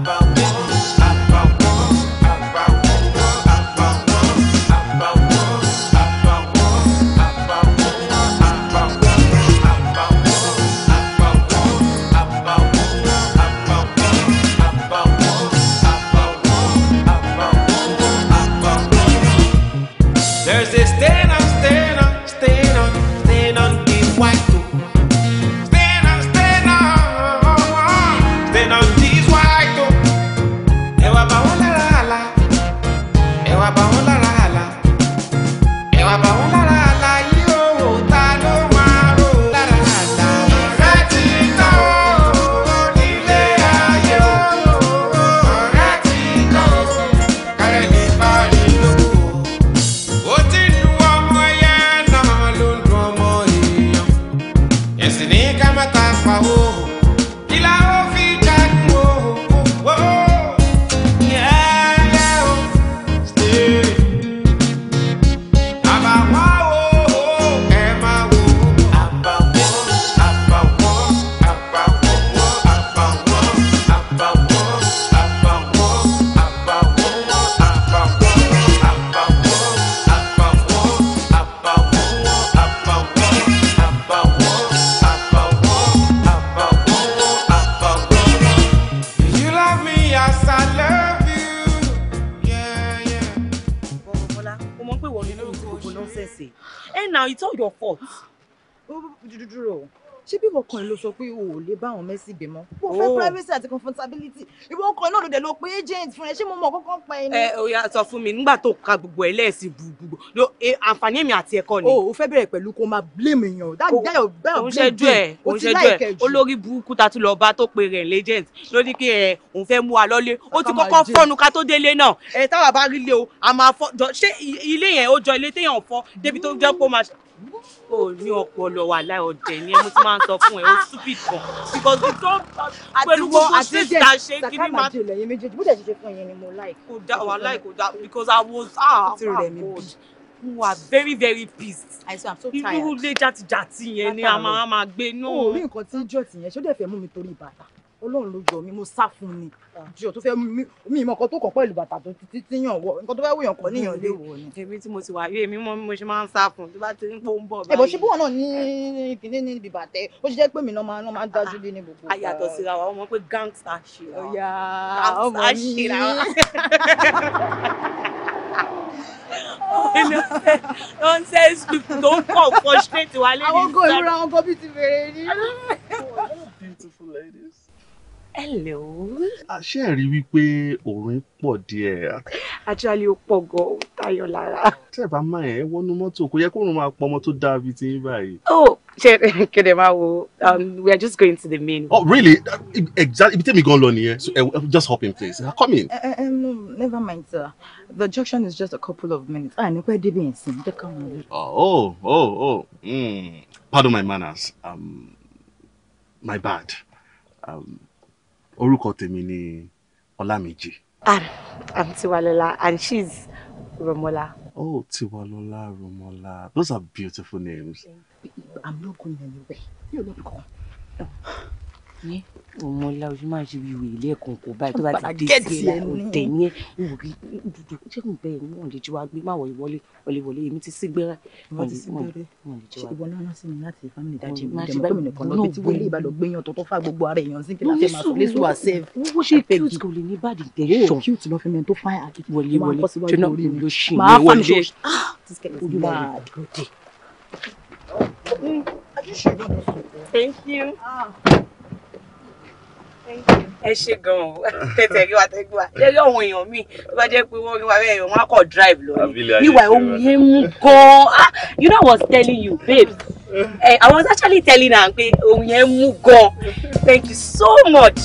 I want, I kan ló sọ pé o ò lè bá àwọn Mercy bẹ̀ mọ́. mo fẹ́ oh. privacy àti comfortability ìwọ ọkàn náà ló dẹ̀ lọ pé agent fún ẹ ṣé mo mọ̀ kọ́kọ́ pa ẹni. ẹ ó yá sọ fún mi nígbà tó ka gbogbo ẹ lẹ́ẹ̀sì gbogbo àǹfààní èmi àti ẹ̀kọ́ ni. o ò fẹ́ bẹ̀rẹ̀ pẹ̀lú kó máa blame èèyàn dáyọ̀ dáyọ̀ blame bẹ́ẹ̀ o ti láìkẹ́ jù. olórí burúkú ta tún lọ bá tó pe rẹ̀ legend ló ní kí ẹ òun fẹ́ mú wa lọ́lé ó ti kọ́kọ́ fọ́nu ká tó délé náà ẹ táwa bá rí ilé o àmọ́ ṣé ilé yẹn ó jọ ilé téèyàn fọ́ débi tó jẹ́ pé ó máa o ní ọpọlọ wà láì ọdẹ ni ẹ mo ti máa ń sọ fún ẹ o stupid gan because you don pẹ̀lú gbogbo sísá ṣe kí ni máa. àti ìlẹyìn méjèèjì bó ṣe ṣe fún ẹ̀yìn ni mo like. kò dá wà láì kò dá because i was ah ah who are very very pissed. I swear I'm so tired. Irú ilé jàtijàti yẹn ni a máa máa gbé náà. Orí nǹkan tí jọ̀tì yẹn ṣó dẹ̀ fẹ́ mú mi torí bàtà. Ọlọ́run ló yọ mi, mo sá fún ni jọ tó fẹ́ mi ìmọ̀ kan tó kàn pẹ̀lú bàtà tó ti ti yàn wọ nǹkan tó fẹ́ wòyàn kan níyàn lé wò ni. èmi tí mo ti wà yé mi mọ mo ṣe máa ń sá fún tó bá ti ń pò ń bọ̀ báyìí. ẹ̀bọ̀ ṣubú wọn náà ní ìpínlẹ̀ ní ibi bàtẹ́ ó ṣe jẹ́ pé mi náà máa ń dájú lé ní gbogbo. ayàtọ̀ síra wa ọmọ pé gangsta ṣe ra wa gangsta ṣe ra wa nonsense people tó frustrate wa lé ní sáà. àwọn ọgọ́ ìrora ọgọ́ bíi ti bẹ̀rẹ̀ ni. Hello. Àṣé ẹ rí wípé òórùn pọ̀ díẹ̀. Àjálù ó pọ̀ gan-an, ó tayọ lára. Tẹ́ ẹ bá máa ẹ̀ wọnú mọ́tò, kò yẹ kó òórùn máa pọ̀ ọmọ tó dáa bíi ti yín báyìí. Oh, ṣe kéde máa wo, um, we are just going to the main. Oh really? Exactly, ibi tẹ́mi gan lọ nìyẹn, so uh, just hop in please, uh, come in. Uh, uh, no, never mind sir, the junction is just a couple of minutes. Àní ah, pẹ́ débi ẹ̀sìn, jẹ́ ká mọ̀ lórí. Ah, oh, oh, oh, mm. Pardon my manners, um, my bad. Um, orúkọ tèmi ni ọlámìjì. i'm tiwalola and she's romola. oh tiwalola romola those are beautiful names. i'm not going anywhere. mi ò lọ bí kankan ọmọlá ojú máa ń ṣe ìwé ilé ẹ̀kọ́ kò báyìí tó bá ti dé sí ẹ ọ̀tẹ̀ ní ẹ ìwò kí dúdú ṣé kò bẹ́ẹ̀ mú ọ̀lẹ́ jí wá gbé má wọlé wọlé wọlé wọlé èmi ti sígbẹ́rẹ́. wọ́n ti sígbẹ́rẹ́ ṣe ìwọ náà rán sí mi láti family dájú mi dẹ̀ mọ́tò mi nìkan lọ bí tí wọlé ìbàdàn gbé yan tọ́tọ́ fà gbogbo ara èèyàn sí kí láti máa sọ lẹ́sùn wá sẹ́ẹ̀. wọ́n ṣe cute kò lè ní bad intention. cute lọ fi mi tó fáyà wọlé wọlé tí náà ló ṣì ń wọlé. Ah, Thank you. Ah ẹ ṣe gan o tètè rí wa tẹ́gbẹ́ wa lórí àwọn èèyàn míì tó bá jẹ́ pé wọ́n rí wa bẹ́ẹ̀ yẹn wọ́n á kọ̀ drive lọ ni níwà ohun yẹn mú gan-an ah, you know I was telling you babes eh, I was actually telling am pé ohun yẹn mú thank you so much.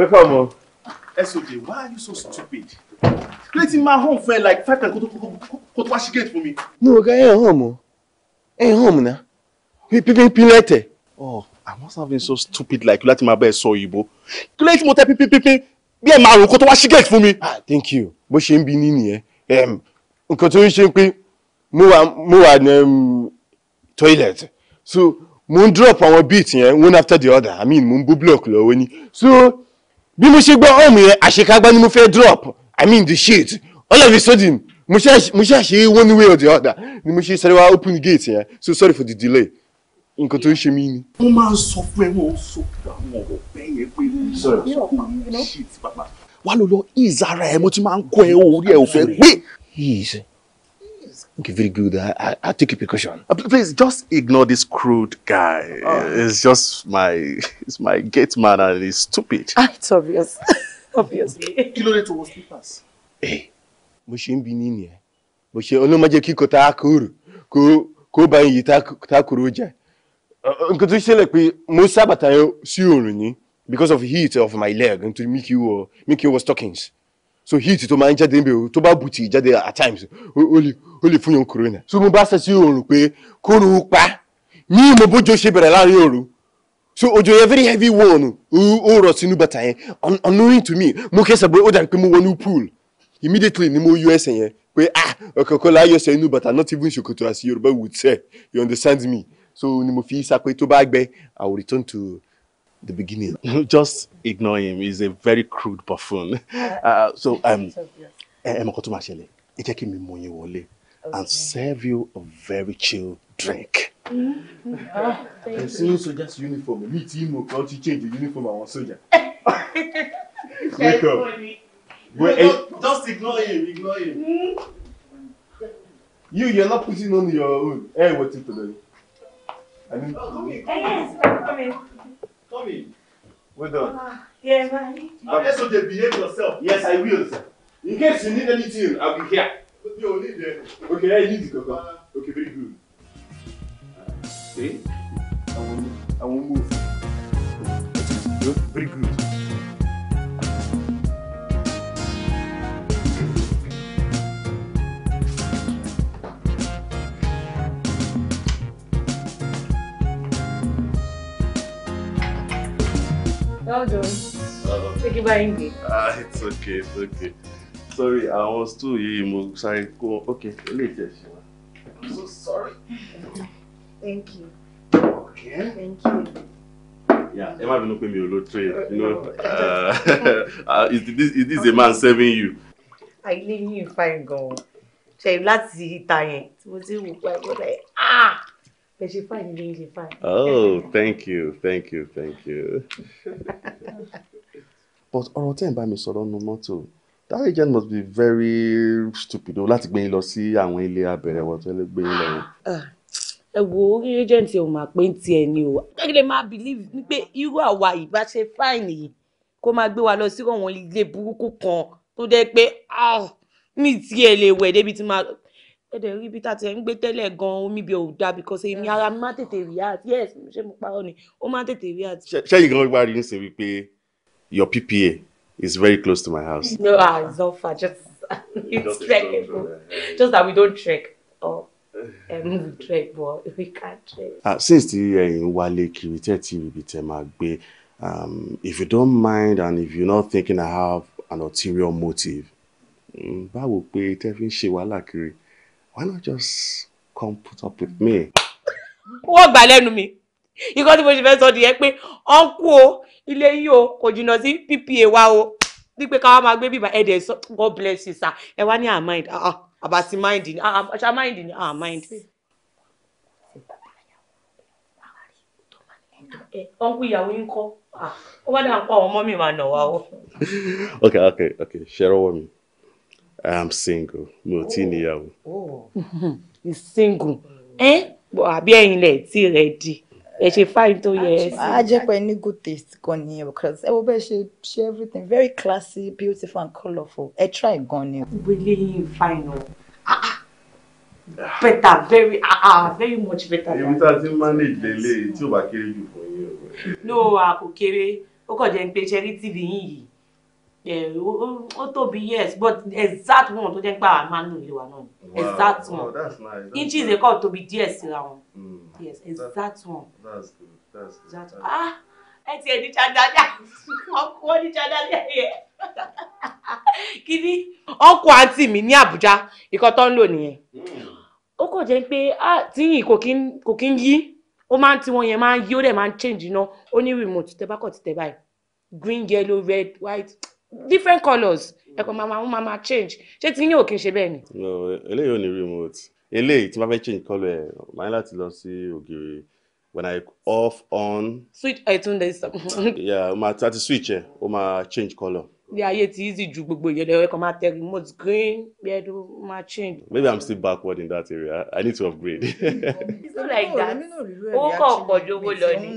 Welcome, mom. SOJ, why are you so stupid? Creating my home for like five times, kó tó she ṣí for me. mi. No, ọ̀gá ẹ̀ hàn mọ́. home now. mọ́ náà. Pípé pílẹ̀ tẹ̀. Oh, I must have been so stupid like my máa bẹ́ẹ̀ sọ òyìnbó. Creating mo tẹ́ pínpínpín bí ẹ̀ márùn-ún kó tó wá ṣí gate fún mi. Ah, thank you. But she ń bi ní nìyẹn. Nǹkan tó ń ṣe pé mo wà mo wà ní toilet. So, moon ń drop àwọn beat yeah one after the other. I mean, moon ń bú block lọ́wọ́ So, bí mo ṣe gbọ́ ọ̀hún yẹn àṣekágbá ni mo fẹ́ drop i mean the shit all of a sudden mo ṣe àṣe one way or the other ni mo ṣe sáré wá open gate yẹn so sorry for the delay nǹkan tó ń ṣe mí ni. mo máa ń sọ fún ẹ wọn ò sọ àwọn ọ̀rọ̀ yẹn pé sọ̀rọ̀ sọ̀rọ̀ shit bàbá. wà á lọ lọ ìzara ẹ mo ti máa ń kọ ẹ orí ẹ ò fẹ́ pé. Okay, very good. I, I, I'll take your precaution. Uh, please, just ignore this crude guy. Oh. It's just my, it's my gate man and he's stupid. Ah, it's obvious. Obviously. Kí ló dé tó wọ slippers? Eh, mo ṣe ń bi ní nìyẹn. Mo ṣe olómọjẹ kíkọ tá a kúrò kó kó bá iyì tá a kúrò jẹ. Nǹkan tó ṣẹlẹ̀ pé mo sábàtà sí òòrùn ni because of heat of my leg and to make you wọ mi kì í stockings so heat tó máa ń jáde níbi tó bá bùtì jáde at times ó lè ó lè fún yàn corona so mo bá ṣe sí oòrùn pé kóru pa ní mo bójú ṣe bẹ̀rẹ̀ láàrin òru so òjò yẹn very heavy one ó rọ̀ sínú bàtà yẹn unknowing to me mo kẹsẹ̀ bọ́ ó dà pé mo wọnú pool immediately ni mo yọ ẹsẹ̀ yẹn pé ah ọ̀kọ̀ọ̀kan láyọ̀ ṣe inú bàtà not even ṣòkòtò as Yorùbá would say you understand me so ni mo fi sá pé tó bá gbẹ I will return to the beginning. Just ignore him. He's a very crude buffoon. Uh, so, um, ẹ mọ̀ kó tó máa ṣẹlẹ̀, ẹ and serve you a very chill drink. Mm-hmm. Ẹ sí ní soja's uniform, Me team will kàn to change the uniform àwọn soldier. Wake up. Wait, no, eh, just ignore him, ignore him. Mm-hmm. You, you're not putting on your own. Ẹ wọ́n ti tọ̀dọ̀ yìí. Yes, come coming. Come in. Well done. Ah, yes, mommy. I'm just to behave yourself. Yes, I will, sir. In case you need anything, I'll be here. But You need anything. Okay, I need to go. Uh, okay, very good. Uh, see? I won't. I won't move. Very good. Well Thank you very much. Ah, it's okay, it's okay. Sorry, I was too emo. Sorry, go. Okay, later. I'm so sorry. Thank you. Okay. Thank you. Yeah, ẹ má bínú pé mi ò lo train. You know, uh, uh, is this is this a man serving you? I leave you fine gan. Ṣé láti ìta yẹn tí mo ti wù bẹ ṣe fine lè ṣe fine. oh thank you thank you thank you. but ọ̀rọ̀ tẹ́ ẹ̀ ń bá mi sọ̀rọ̀ nu mọ́tò that agent must be very stupid o láti gbé yín lọ sí àwọn ilé abẹ̀rẹ̀ wọ̀ tó lè gbé yín lọ. Ah, ẹ wo orí agent ò máa pé ń tiẹ̀ ni o kẹ́kẹ́ máa believe ni pé irú àwa ìbáṣe fine yìí kó máa gbé wa lọ sí àwọn ilé burúkú kan tó dẹ́ pé ah, mi tiẹ̀ lè wẹ̀ débi tí máa ẹ̀dẹ̀ rí ibi tá a ti ẹ̀ ń gbé tẹ́lẹ̀ gan-an omi bíi òòdà because èmi ara mi máa tètè react yes ṣé mo parọ́ ni ó máa tètè react. ṣẹ́yìn gan wá rí ní wípé your PPA is very close to my house. no ah it's not far just it's trekkable just that we don't trek or um, we trek but we can't trek. Ah, since ti ẹ̀yin wálé kiri tẹ́ ti ibi tẹ́ máa gbé um, if you don't mind and if you're not thinking I have an ulterior motive mm, báwo pé tẹ́ fi ń ṣe wàhálà kiri why not just come put up with me. wọ́n gbà lẹ́nu mi ikọ́ tí mo ṣe fẹ́ sọ nìyẹn pé ọ̀nkú o ilé yìí o kò jìnnà sí ppa wa o wípé káwa máa gbé bíbá ẹ̀dẹ̀ sọ god bless you sir ẹ wá ní our ah, mind ah, ah, àbàsí mind ni àṣà mind ni our mind. ọ̀nkú ìyàwó yín kọ́ ó bá dà ń pa àwọn ọmọ mi máa nà wá o. okay okay okay ṣe é rọwọ́ mi. I am single. Mi ò tí níyàwó. Oh. He's single. Eh, ẹ̀yin lẹ̀ tí rẹ̀ di. ready. ṣe fáyín tó to ẹ sí. A jẹ́ pé ní good taste gan nìyẹn because ẹ wo bẹ́ẹ̀ ṣe ṣe everything very classy, beautiful and colorful. Ẹ try gan ni. Wílé yín fine o. Ah, ah. Better very ah ah very much better. Èmi tá ti manage lele. tí ò bá kéré jù fún yín. No, a kò kéré. Ó kàn jẹ́ pé ṣẹ́rí TV yín yìí ó tóbi yes but exact one tó jẹ́ pé àwọn máa ń lò nílé wa náà exact one inches dey call tóbi díẹ̀ síra wọn hmm. yes exact one exact one ah ẹ ti ẹni ṣàdájà ọkọ ní ṣàdájà yẹ kíní. ọkọ àǹtí mi ní Àbújá ìkan tó ń lò nìyẹn hmm. ó kàn jẹ́ pé ah, tíyìn kò kí ń yí ó máa ń tí wọn yẹn máa ń yí ó dẹ̀ máa ń change iná ó ní remote tẹ́ bá kọ̀ ti tẹ̀ báyìí green yellow red white different colours mm. ẹ̀kọ́ máa wọ́n máa máa change ṣé ti yín ò kí n ṣe bẹ́ẹ̀ ni. eléyìí ò ní remote eléyìí tí wọ́n fẹ́ change colour ẹ̀ máa ní láti lọ sí ògiri when i off on. switch I tún dé sọ. yeah o máa láti switch ẹ̀ o máa change colour. bí ayé ti easy ju gbogbo ìyẹn lọ ẹ̀kọ́ máa tẹ remote green gbẹ́dú máa change. maybe i'm still backward in that area i need to upgrade. it's not like that owó kọ̀ pọ̀ ju owó lọ ni.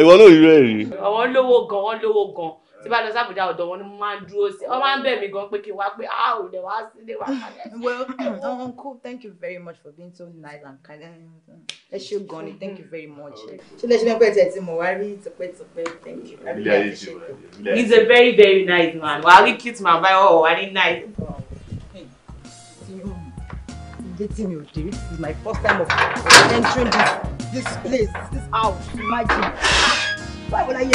ìwọ náà rí rẹ̀ rí. àwọn lówó gan-an lówó gan-an tí bá lọ sábùjá ọ̀dọ̀ wọn ni mo máa ń dúró sí ọ máa ń bẹ̀ mí gan pé kí n wá pé a ò lè wá sílé wa kalẹ̀. well oh, uncle thank you very much for being so nice and kind ẹ ṣé gan ni thank you very much ṣé lè ṣe mẹ́pẹ́ tẹ̀ tí mo wá rí tipẹ́tipẹ́ thank you i really appreciate you. he's a very very nice man wàá rí cute man báyọ̀ wọ̀ wá ní nice. Dating me, okay? This is my first time of entering this, this place, this house. Imagine báwo la yẹ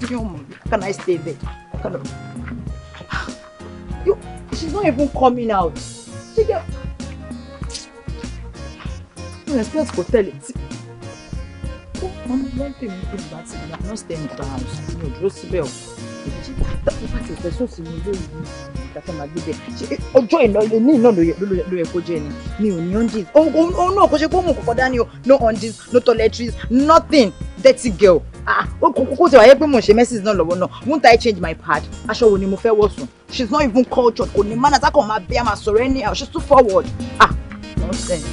kí wọ́n can I stay there can I you she's not even coming out she get no respect to tell it mama lẹ́yìn tèmi tó ń bá ti gbà not staying in the house mi just dúró síbẹ̀ mo bá tẹ̀sẹ̀ sóòsì mi lóyún mi ìgbàtà máa gbé bẹ́ẹ̀ ọjọ́ ìlọlẹ̀ ní ìná ló yẹ kó jẹ́ ni mi ò ní undies òun náà kò ṣe pé òun kò kọ́dá ni o no undies no toiletries nothing dirty girl ó kókó tí wàá yẹ pé mo ṣe message náà lọ́wọ́ náà won't I change my pad aṣọ wo ni mo fẹ́ wọ̀ sùn she's not even cultured kò ní manners akọ̀ máa bí a máa sọ̀rọ̀ anyhow she's too forward ah nonsense.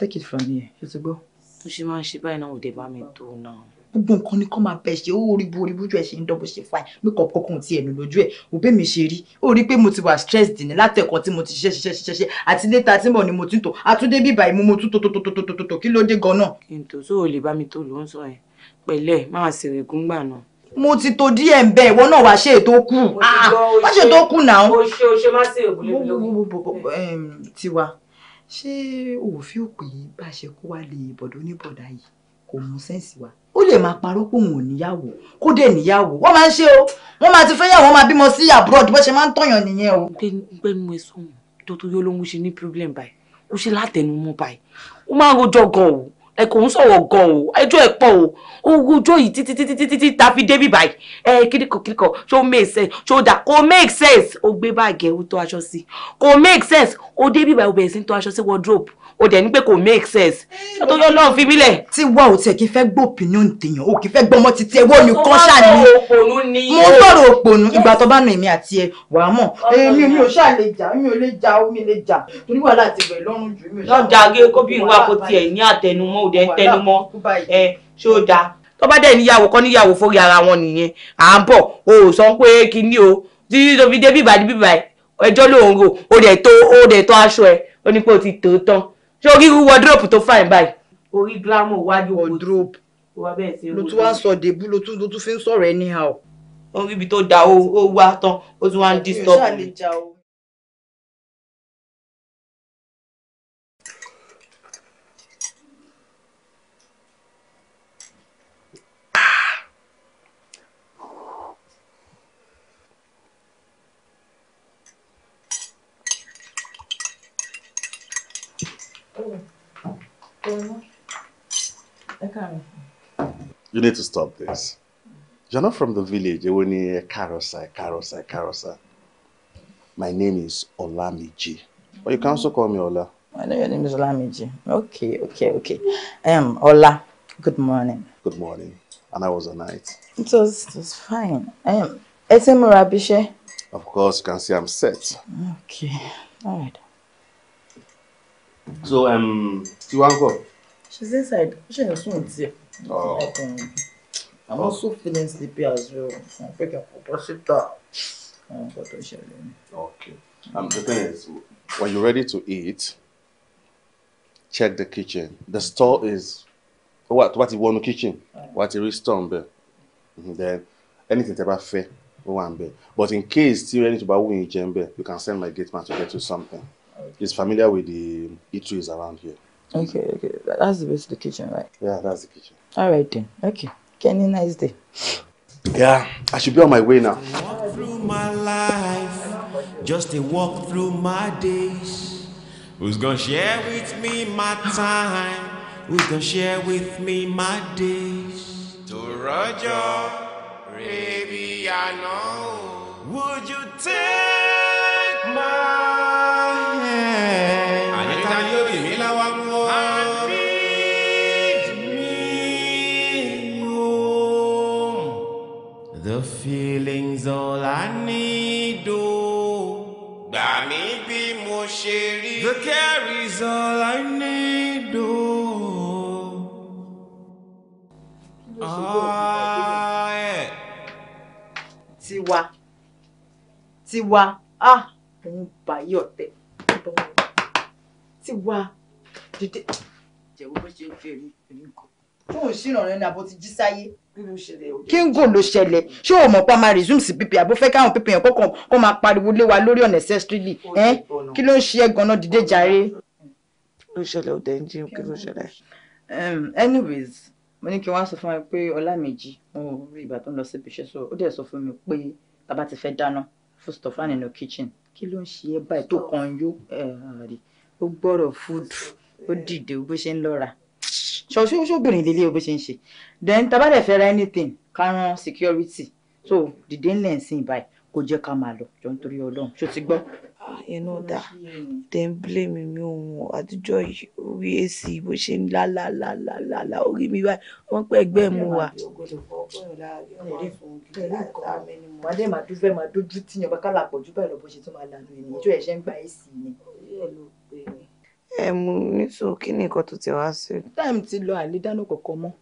take it from here ṣe ti gbọ́. bó ṣe máa ń ṣe báyìí náà ò dé bá mi tó náà. gbogbo nǹkan ni kò máa bẹ̀ ṣe ó rí borí bójú ẹ̀ ṣe ń dọ́bọ̀ ṣe fáìn mí kọ́ kọ́kùn ti ẹ̀nu lójú ẹ̀ òbí mi ṣe rí ó rí pé mo ti wà stressed ní látẹ̀kọ́ tí mo ti ṣiṣẹ́ ṣiṣẹ́ ṣiṣẹ́ àti létà tí mo ní mo ti tò àtúndé bíbà ìmú mo tún tòtòtòtòtò kí ló dé gan-an. kí n tó sóò lè bá mi tó ló ń sọ yẹn pẹ̀lẹ́ máa ṣèrè gúngbà náà mo ti to díẹ̀ ń bẹ ìwọ náà wàá ṣe ètò kù wàá ṣe ètò kù náà. o ṣe o ṣe má ṣe òbúlé mi lórí. tiwa ṣé òfin òpè bá ṣe kó wá lè bọ̀dọ̀ oníbọ̀dà yìí kò mú sẹ́ǹsì wá ó lè máa parọ́ pé òun ò níyàwó kó dé níyàwó wọ́n máa ń ṣe o wọ́n máa ti fẹ́ yàwó máa bímọ sí abroad bó ṣe máa ń tọ̀yàn nìyẹn o. gbẹ́nu ẹ sọ̀hún tó tó yọ lóhun ṣe ní problem báyìí kó ṣe látẹnumọ́ báyìí ó máa ń rojọ́ gan-an o ẹ kò ń sọ̀wọ̀ gan o ẹjọ́ ẹ pọ̀ o ogójó yìí títí títí títí tí ta fi débi báyìí ẹ kíríkọ kíríkọ ṣó make sense ṣó dà kò make sense ó gbé báàgì ẹ ó tó aṣọ sí kò make sense ó débi báyìí ó bẹ̀rẹ̀ sí ń tó aṣọ sí wardrobe o dẹ̀ ní pé kò make sense nítorí ọlọ́run fi bílẹ̀. tí wà ó tiẹ̀ kí fẹ́ gbọ́ opinion tèèyàn o kì í fẹ́ gbọ́mọ títí ẹ wọ́n nìkan ṣàní mo tọrọ òpònú ìgbà tó bá nà èmi àti ẹ wàá mọ̀ èmi mi ò ṣáà lè jà mi ò lè jà omi lè jà torí wàhálà ti bẹ̀rẹ̀ lọ́rùn jù mí. lọ́jà agé kóbìnrin wa kò tiẹ̀ ní àtẹnumọ́ òde tẹnumọ́ ẹ ṣé ó dáa tó bá dẹ̀ níyàwó kọ́ níyàwó fórí ara wọn nìyẹn à ń bọ̀ o ò sọ pé kinní o títí tó fi dé bíbáyìí bíbáyìí ẹjọ́ lòun rò o dẹ̀ tó aṣọ ẹ ó ní pé o ti tó tán ṣé orí irú wardrobe tó fine báyìí. orí glamour wájú wardrobe ló tún wá ń sọ débú ló tún ló tún fi ń sọ̀rọ̀ anyhow. orí ibi tó da ó wá tán ó tún wá ń disturb. you need to stop this. You're not from the village. Èwo ni Karosa, Karosa, Karosa. My name is Olamiji. But you can also call me Ola. I know your name is Olamiji. Okay, okay, okay. Um, Ola, good morning. Good morning. And how was the night? It was, it was fine. Um, Ese Murabishe? Of course, you can see I'm set. Okay, all right. So, um, you want Tiwanko? She's inside. She's in the Oh. I'm oh. also feeling sleepy as well. I think I'm picking propositor. Oh, okay. Um, the thing is, when you're ready to eat, check the kitchen. The store is what what you want the kitchen, what you store there. Mm-hmm. Then anything tẹ́ bá fẹ́ ó wà But in case tí ẹni tó bá wù yín you can send my gate man to get you something. Okay. He's familiar with the eateries around here. Okay, okay. That's the best the kitchen, right? Yeah, that's the kitchen. All right then. Okay. Kenny, nice day. Yeah, I should be on my way now. Walk through my life, just a walk through my days. Who's gonna share with me my time? Who's gonna share with me my days? To Roger, baby, I know. Would you tell? ṣe rí. The care is all I need o. Oh. Ah, eh. Tiwa Tiwa ah òun bá yí ọ̀tẹ̀ Tiwa dìde. Jẹ̀wọ́ bó ṣe ń fẹ́ mi, èmi kọ. Fóònù ni àbó ti jí sáyé kí n gò ló ṣẹlẹ̀ ṣé o mọ̀ pa máa resume sí pp àbó fẹ́ káwọn pp yẹn kọ́kàn kó máa pariwo lé wa lórí unnecessarily kí ló ń ṣe é ganan dìde jàre. ló ṣẹlẹ̀ ó ń jíun kí ló ṣẹlẹ̀. anyways mo ní kí wọ́n á sọ fún mi pé Ọlámẹ́jì mo rí ìgbà tó ń lọ síbi iṣẹ́ sọ ó dẹ̀ sọ fún mi pé bàbá ti fẹ́ dáná fún stofan nínú kitchen kí ló ń ṣe é báyìí tó kàn yó ó gbọ́rọ̀ food ó dìde bó ṣe ń lọ́ra ṣọṣọbìnrin lélẹ̀ bó ṣe ń ṣe then tabadẹ fẹ́ anything ká security so dìde ńlẹ̀ ń sìn báyìí kò jẹ́ ká máa lọ jọ nítorí ọlọ́run ṣó ti gbọ́. inú dá dem blame mi ohun àtijọ́ yìí orí èsì bó ṣe ń la orí mi báyìí wọ́n pẹ́ ẹgbẹ́ mu wa. wàdé màá dúfẹ́ màá kálà pọ̀jù báyìí lọ bó ṣe tún máa lànà ènìyàn tó ẹ̀ṣẹ̀ ń gba èsì ni ẹ mú nísòó kí ni nǹkan tó ti wá sí. time ti lọ àlè dáná kọ̀ọ̀kan mọ́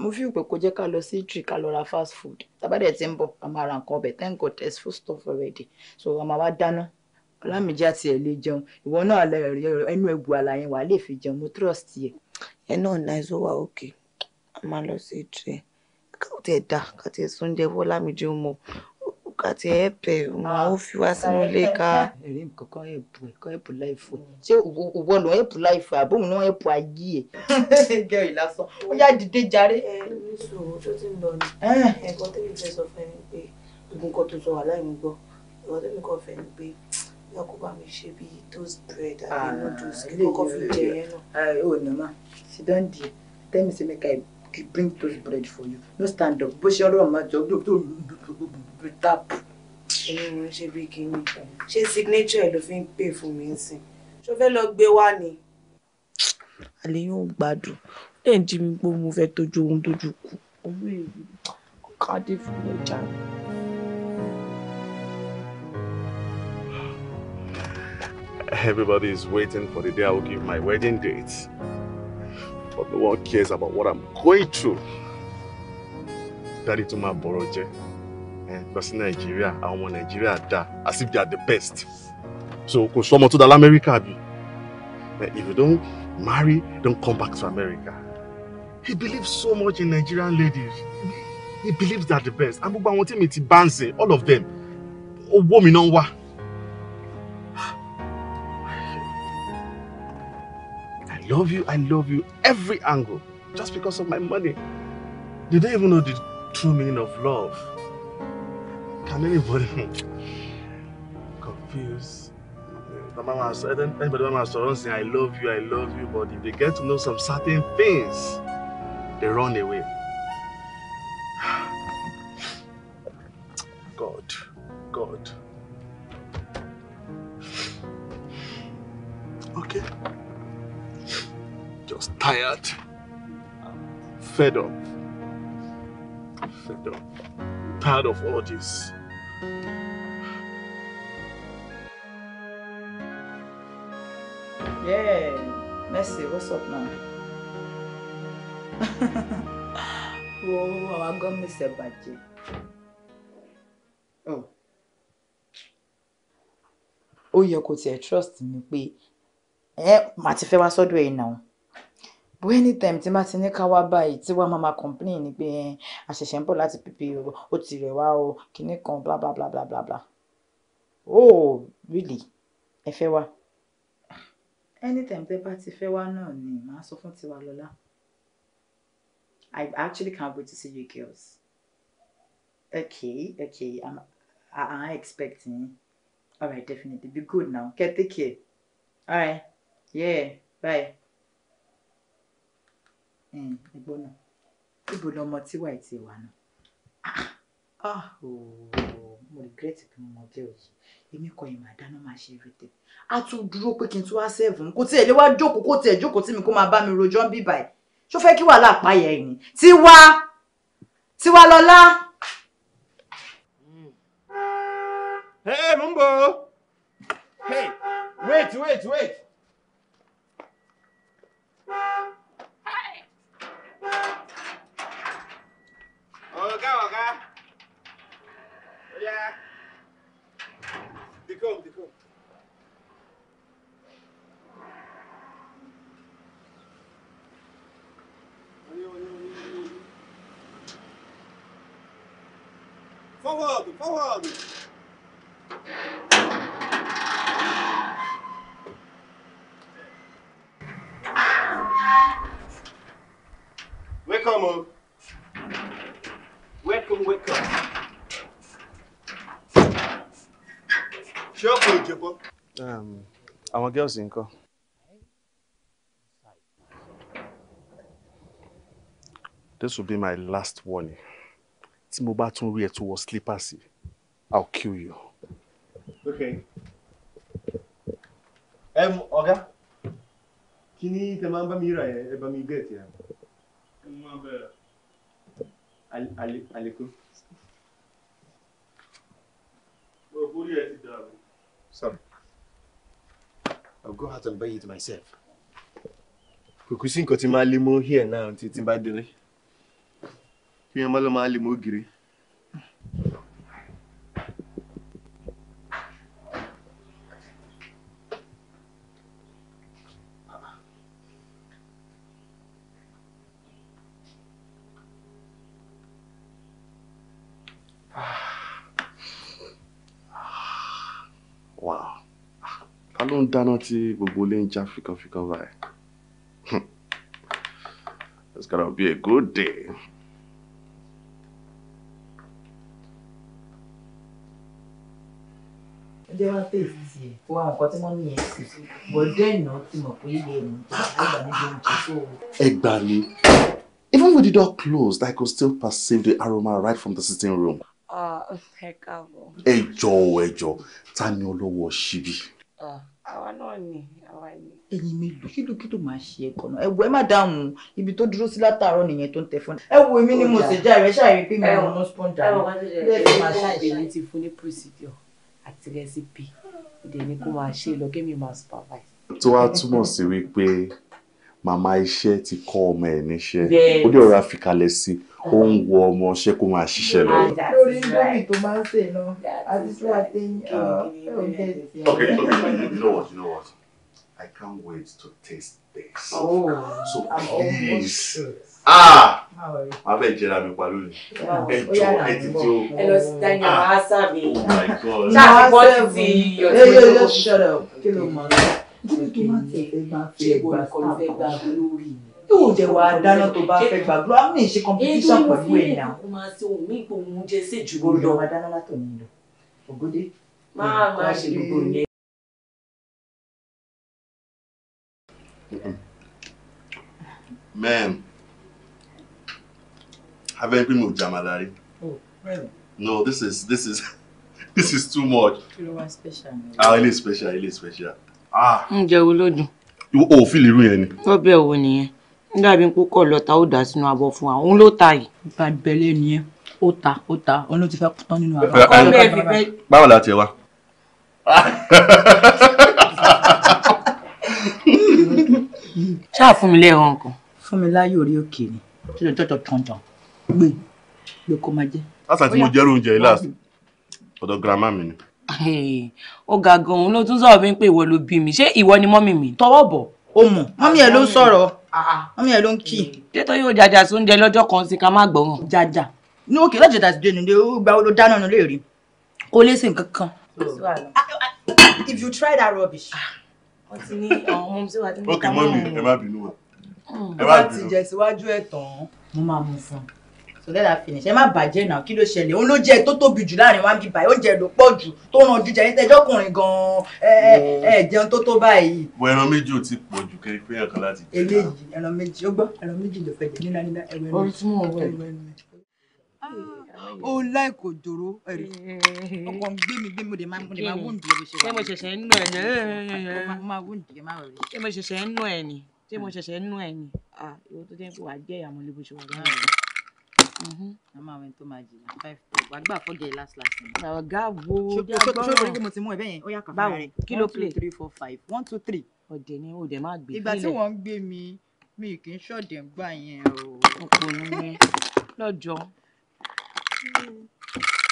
mo fi pé kó jẹ́ ká lọ sí tree ká lọ ra fast food tábàdẹ̀ ti ń bọ̀ a máa ra nǹkan ọbẹ̀ thank God there's food stuff already so a máa wá dáná ọlámìjá àti ẹ̀ lè jẹun ìwọ náà lẹ rí ẹnu ẹgbù àlàyé wà lè fi jẹun mo trust yẹ. ẹ náà náìsó wà òkè a máa lọ sí tree káwọn tiẹ̀ dá káwọn tiẹ̀ sún jẹ́ fọlámìjá mọ́ ká ti help wọn ó fi wá sínú ilé ká. ẹ̀rí nǹkan kan kan ẹ̀bù láìfò ṣé òwò lọ ẹ̀bù láìfò àbóhùn náà ẹ̀bù ayé ẹ̀. gẹ́ ọ̀ ìlàsán ó yá dìde jàre. ẹ ní sòwò tó ti ń lọ ni ẹ̀kọ́ tẹ́lẹ̀ fẹ́ sọ fẹ́ ni pé ogun kan tó sọ wà láì mú gbọ́ ẹ̀kọ́ tẹ́lẹ̀ kan fẹ́ ni pé yọkọ bá mi ṣe bíi toast bread àbí ah, noodles kí kọ́kọ́ fi jẹ yẹn náà. ó nà má sit ṣe ọlọ́run máa jọ tap èmi mo ṣe bí kinní ṣé signature ẹ ló fi ń pè fún mi nsìn ṣó fẹ́ lọ gbé wá ni. àlè yóò gbádùn lè ń mi pé mo fẹ́ tójú ohun tójú kù owó èrè kọ́kadé fún ẹja. Everybody is waiting for the day I will give my wedding date. But no one cares about what I'm going through. Daddy to my borrow, Jay lọ sí nàìjíríà àwọn ọmọ nàìjíríà dá as if they are the best so kò sọ ọmọ tó dá lamẹ́ríkà bí if you don't marry don't come back to America he believes so much in Nigerian ladies he believes they are the best and gbogbo àwọn tí mi ti bánsẹ̀ all of them owó mi náà wà. I love you I love you every angle just because of my money they don't even know the true meaning of love. Can anybody confuse? My mama said, Anybody my mama surround saying, I love you, I love you, but if they get to know some certain things, they run away. God, God. Okay. Just tired, fed up, fed up, tired of all this. Yeah, Mercy, what's up now? Whoa, our government ṣe bàjẹ́. Oh. Oh, you're kó tiẹ̀ trust me. pé Eh, máa ti fẹ́ wá sọ́dọ̀ bó anytime tí má ti ní ká wá báyìí tí wàá máa complain ni pé a ṣẹ̀ṣẹ̀ ń bọ̀ láti pípé o ó ti rẹ̀ wá o kinní kan bla bla bla bla bla bla oh really ẹ fẹ́ wá. anytime tẹ́ bá ti fẹ́ wá náà ni màá sọ fún tiwa lọ́la I actually can't wait to see you girls okay okay I'm, I, I'm expecting you all right definitely be good now okay the care all right yeah bye ẹ̀gbọ́n náà ibo lọmọ tí wàá ti wà náà ah, ah mo regret pé mo mọ jẹ́ òyì èmi kọ ìmọ̀ àdáná máa ṣe everything a tún dúró pé kí n tún wá sẹ́ẹ̀fù kò tiẹ̀ lé wá jókòó kò tiẹ̀ jókòó tí mi kó máa bá mi rojọ́ ń bíbà ẹ̀ ṣó fẹ́ kí wàhálà àpáyà ẹ̀ ni tiwa tiwa lọ́lá. ẹ ẹ mú bò ó wait wait wait. Falando, falando. Wake up, man. Wake up, wake up. Ṣé ọkọ̀ ìjẹ̀bọ́? Um, àwọn girls nǹkan. This will be my last warning tí mo bá tún rí ẹ tó wọ slippers yìí i'll kill you. okay um, ọ̀gá kí ni tẹ máa ń bá mi rà yẹn ẹ bá mi gẹ̀ tiẹ̀. mo máa bẹ̀rẹ̀. àlékún. bro orí ẹ ti dàrú. sorry i'll go out and buy it myself. kò kú sí nǹkan tí máa lé mọ́ here now until tí n bá délé tinha malo mali mo giri Wow. Ta ló ń dáná tí gbogbo ilé ń já fíkanfíkan báyìí? It's gonna be a good day. jẹ́ wá tèsí sí ẹ̀ àwọn nǹkan tí wọ́n nìyẹn sì sí bọ́dẹ́ ìná ti mọ̀ pé ilé ẹ̀ ń gbà níbi oúnjẹ tó. ẹ gbà mí even with the door closed I could still perceive the aroma right from the sitting room. ẹ káàbọ̀. ẹ jọ̀ọ́ ẹ jọ̀ọ́ ta ni olówó ṣíbí. àwa náà ni àwa ni. ẹyin mélòó kí ló kí ló máa ṣe ẹkọ náà ẹ wo ẹ má dáhùn ibi tó dúró sí látàárọ̀ nìyẹn tó ń tẹ fún ẹ wo èmi ni mo ṣèjà rẹ ṣàyẹ̀pé mi ò mú sponge àná lẹ́ẹ̀kan máa ṣàgbé ní ti fún ní procedure àti rẹ́sípì ìdè ni kó máa ṣe lọ máa supervise. tó wá túmọ̀ sí wípé màmá iṣẹ́ ti kọ́ ọmọ ẹ̀ níṣẹ́ ó dẹ̀ ọ̀rọ̀ àfikalẹ̀ sí ó ń wọ ọmọ iṣẹ́ kó máa ṣiṣẹ́ lọ. lórí lórí tó máa ń sè náà àti sí àtẹyìn ọ̀hún Okay, okay, you know what, you know what? I can't wait to taste this. Oh, so please. Ah! máa fẹ́ jẹ́ra mi pa lónìí ẹ jọ ẹ ti tí o. ẹ lọ sí dání àwọn asábì ṣáà bọ́ títí yọtí olówó. kí ló máa ń lọ níbi tó máa tẹ̀ fẹ́ gbà fẹ́ gbà fẹ́ gbà lórí mi yóò jẹ wà á dáná tó bá fẹ́ gbàdúrà á mì í ṣe competition pẹ̀lú ẹ̀yà. ètò ìwé máa ṣe òun mí ipò òun jẹ sí jù lọ. olùdó máa dáná látọ̀ ní lọ ògòdè. máa hmm. máa ṣe gbogbo yẹn. mẹ́ẹ̀m Have haven't been with Jamalari. Oh, really? No, this is this is this is too much. Kilo wa special. Ah, ilé special, ilé special. Ah. Ǹjẹ́ wo ló dùn? O oh fìlì irú yẹn ni. Ọbẹ̀ wo nìyẹn? Ń dàbí púpọ̀ lọ́ta ó dà sínú abọ́ fún wa. Òun ló ta yìí. Ota nìyẹn. Ó ta, ó ta. Òun ló ti fẹ́ tán nínú abọ́. la tiẹ̀ wá? Ṣáà fún mi lẹ́ẹ̀rọ nǹkan. Fún mi láyé orí òkè ni. Tí o jọ́jọ́ tán tán gbé ló kó máa jẹ. láti àti mo jẹ́rú oúnjẹ yìí last ọ̀dọ̀ girama mi ni. ó ga gan-an ló tún sọ̀rọ̀ bí pé ìwọ ló bí mi ṣé ìwọ ni mọ́mì mi tọwọ́ bọ̀. o mọ̀ mọ́mì ẹ̀ ló ń ah, sọ̀rọ̀ ah, ah. mọ́mì ẹ̀ ló ń kì í. tètò yóò jàjà sí oúnjẹ lọ́jọ́ kan sí ká má gbọ́ràn. jàjà ní òkè lọ́jọ́ tàbí dènù lé gba ó ló dáná nù léèrè kó lè sìn kankan. if you try that rubbish. wọ́n ti ní ọmọ mi sí wa ti ní ká mọ́ mi. ok mọ́mì ẹ má bínú wa. Hmm. ẹ má bínú. wọ́n ti jẹ síwájú ẹ̀ tán. mo máa mú fún un so let her finish ẹ má bàjẹ́ náà kí ló ṣẹlẹ̀ òun ló jẹ tó tóbi jù láàrin wa ń bíbá oúnjẹ ló pọ̀ jù tó ràn jù jẹ ní kùnrin gan-an ẹ ẹ jẹun tó tó báyìí. wọ ẹran méjì ò ti pọ̀ jù kẹrin pé ẹ̀kan láti jẹ. eléyìí ẹran méjì ó gbọ́ ẹran méjì ló fẹ́ jẹ nílá nílá ẹ̀wẹ̀ mi. orí tí mò ń wẹ̀ ah, ó láì kò dòró ẹ̀rí ọkọ̀ ń gbé mi gbé mi ò dé máa mo dé máa wóǹdì ẹ̀ bó ṣe wà. ṣé mo ṣẹ̀ṣẹ̀ ń nù ẹ̀ ní. mo máa wóǹdì ẹ̀ máa rẹ̀ ṣé mo ṣẹ̀ṣẹ̀ ń nù ẹ̀ ní ṣé mo ṣẹ̀ṣẹ̀ ń nù ẹ̀ ní. Ah, ìwọ tó jẹ́ pé wàá jẹ́ ìyàmọ̀lẹ́ bó ṣe wà láàrin àmọ́ àwọn ẹni tó máa five wà á gbà last last. ọ̀gá wo ṣó three four five one two three. ọ̀dẹ̀ ni ọ̀dẹ̀ máa gbé sílẹ̀. ìgbà tí wọ́n ń gbé mi mi kì í ṣọ̀dẹ̀ ń gbà yẹn o. ọ̀pọ̀ ni yẹn lọ́jọ́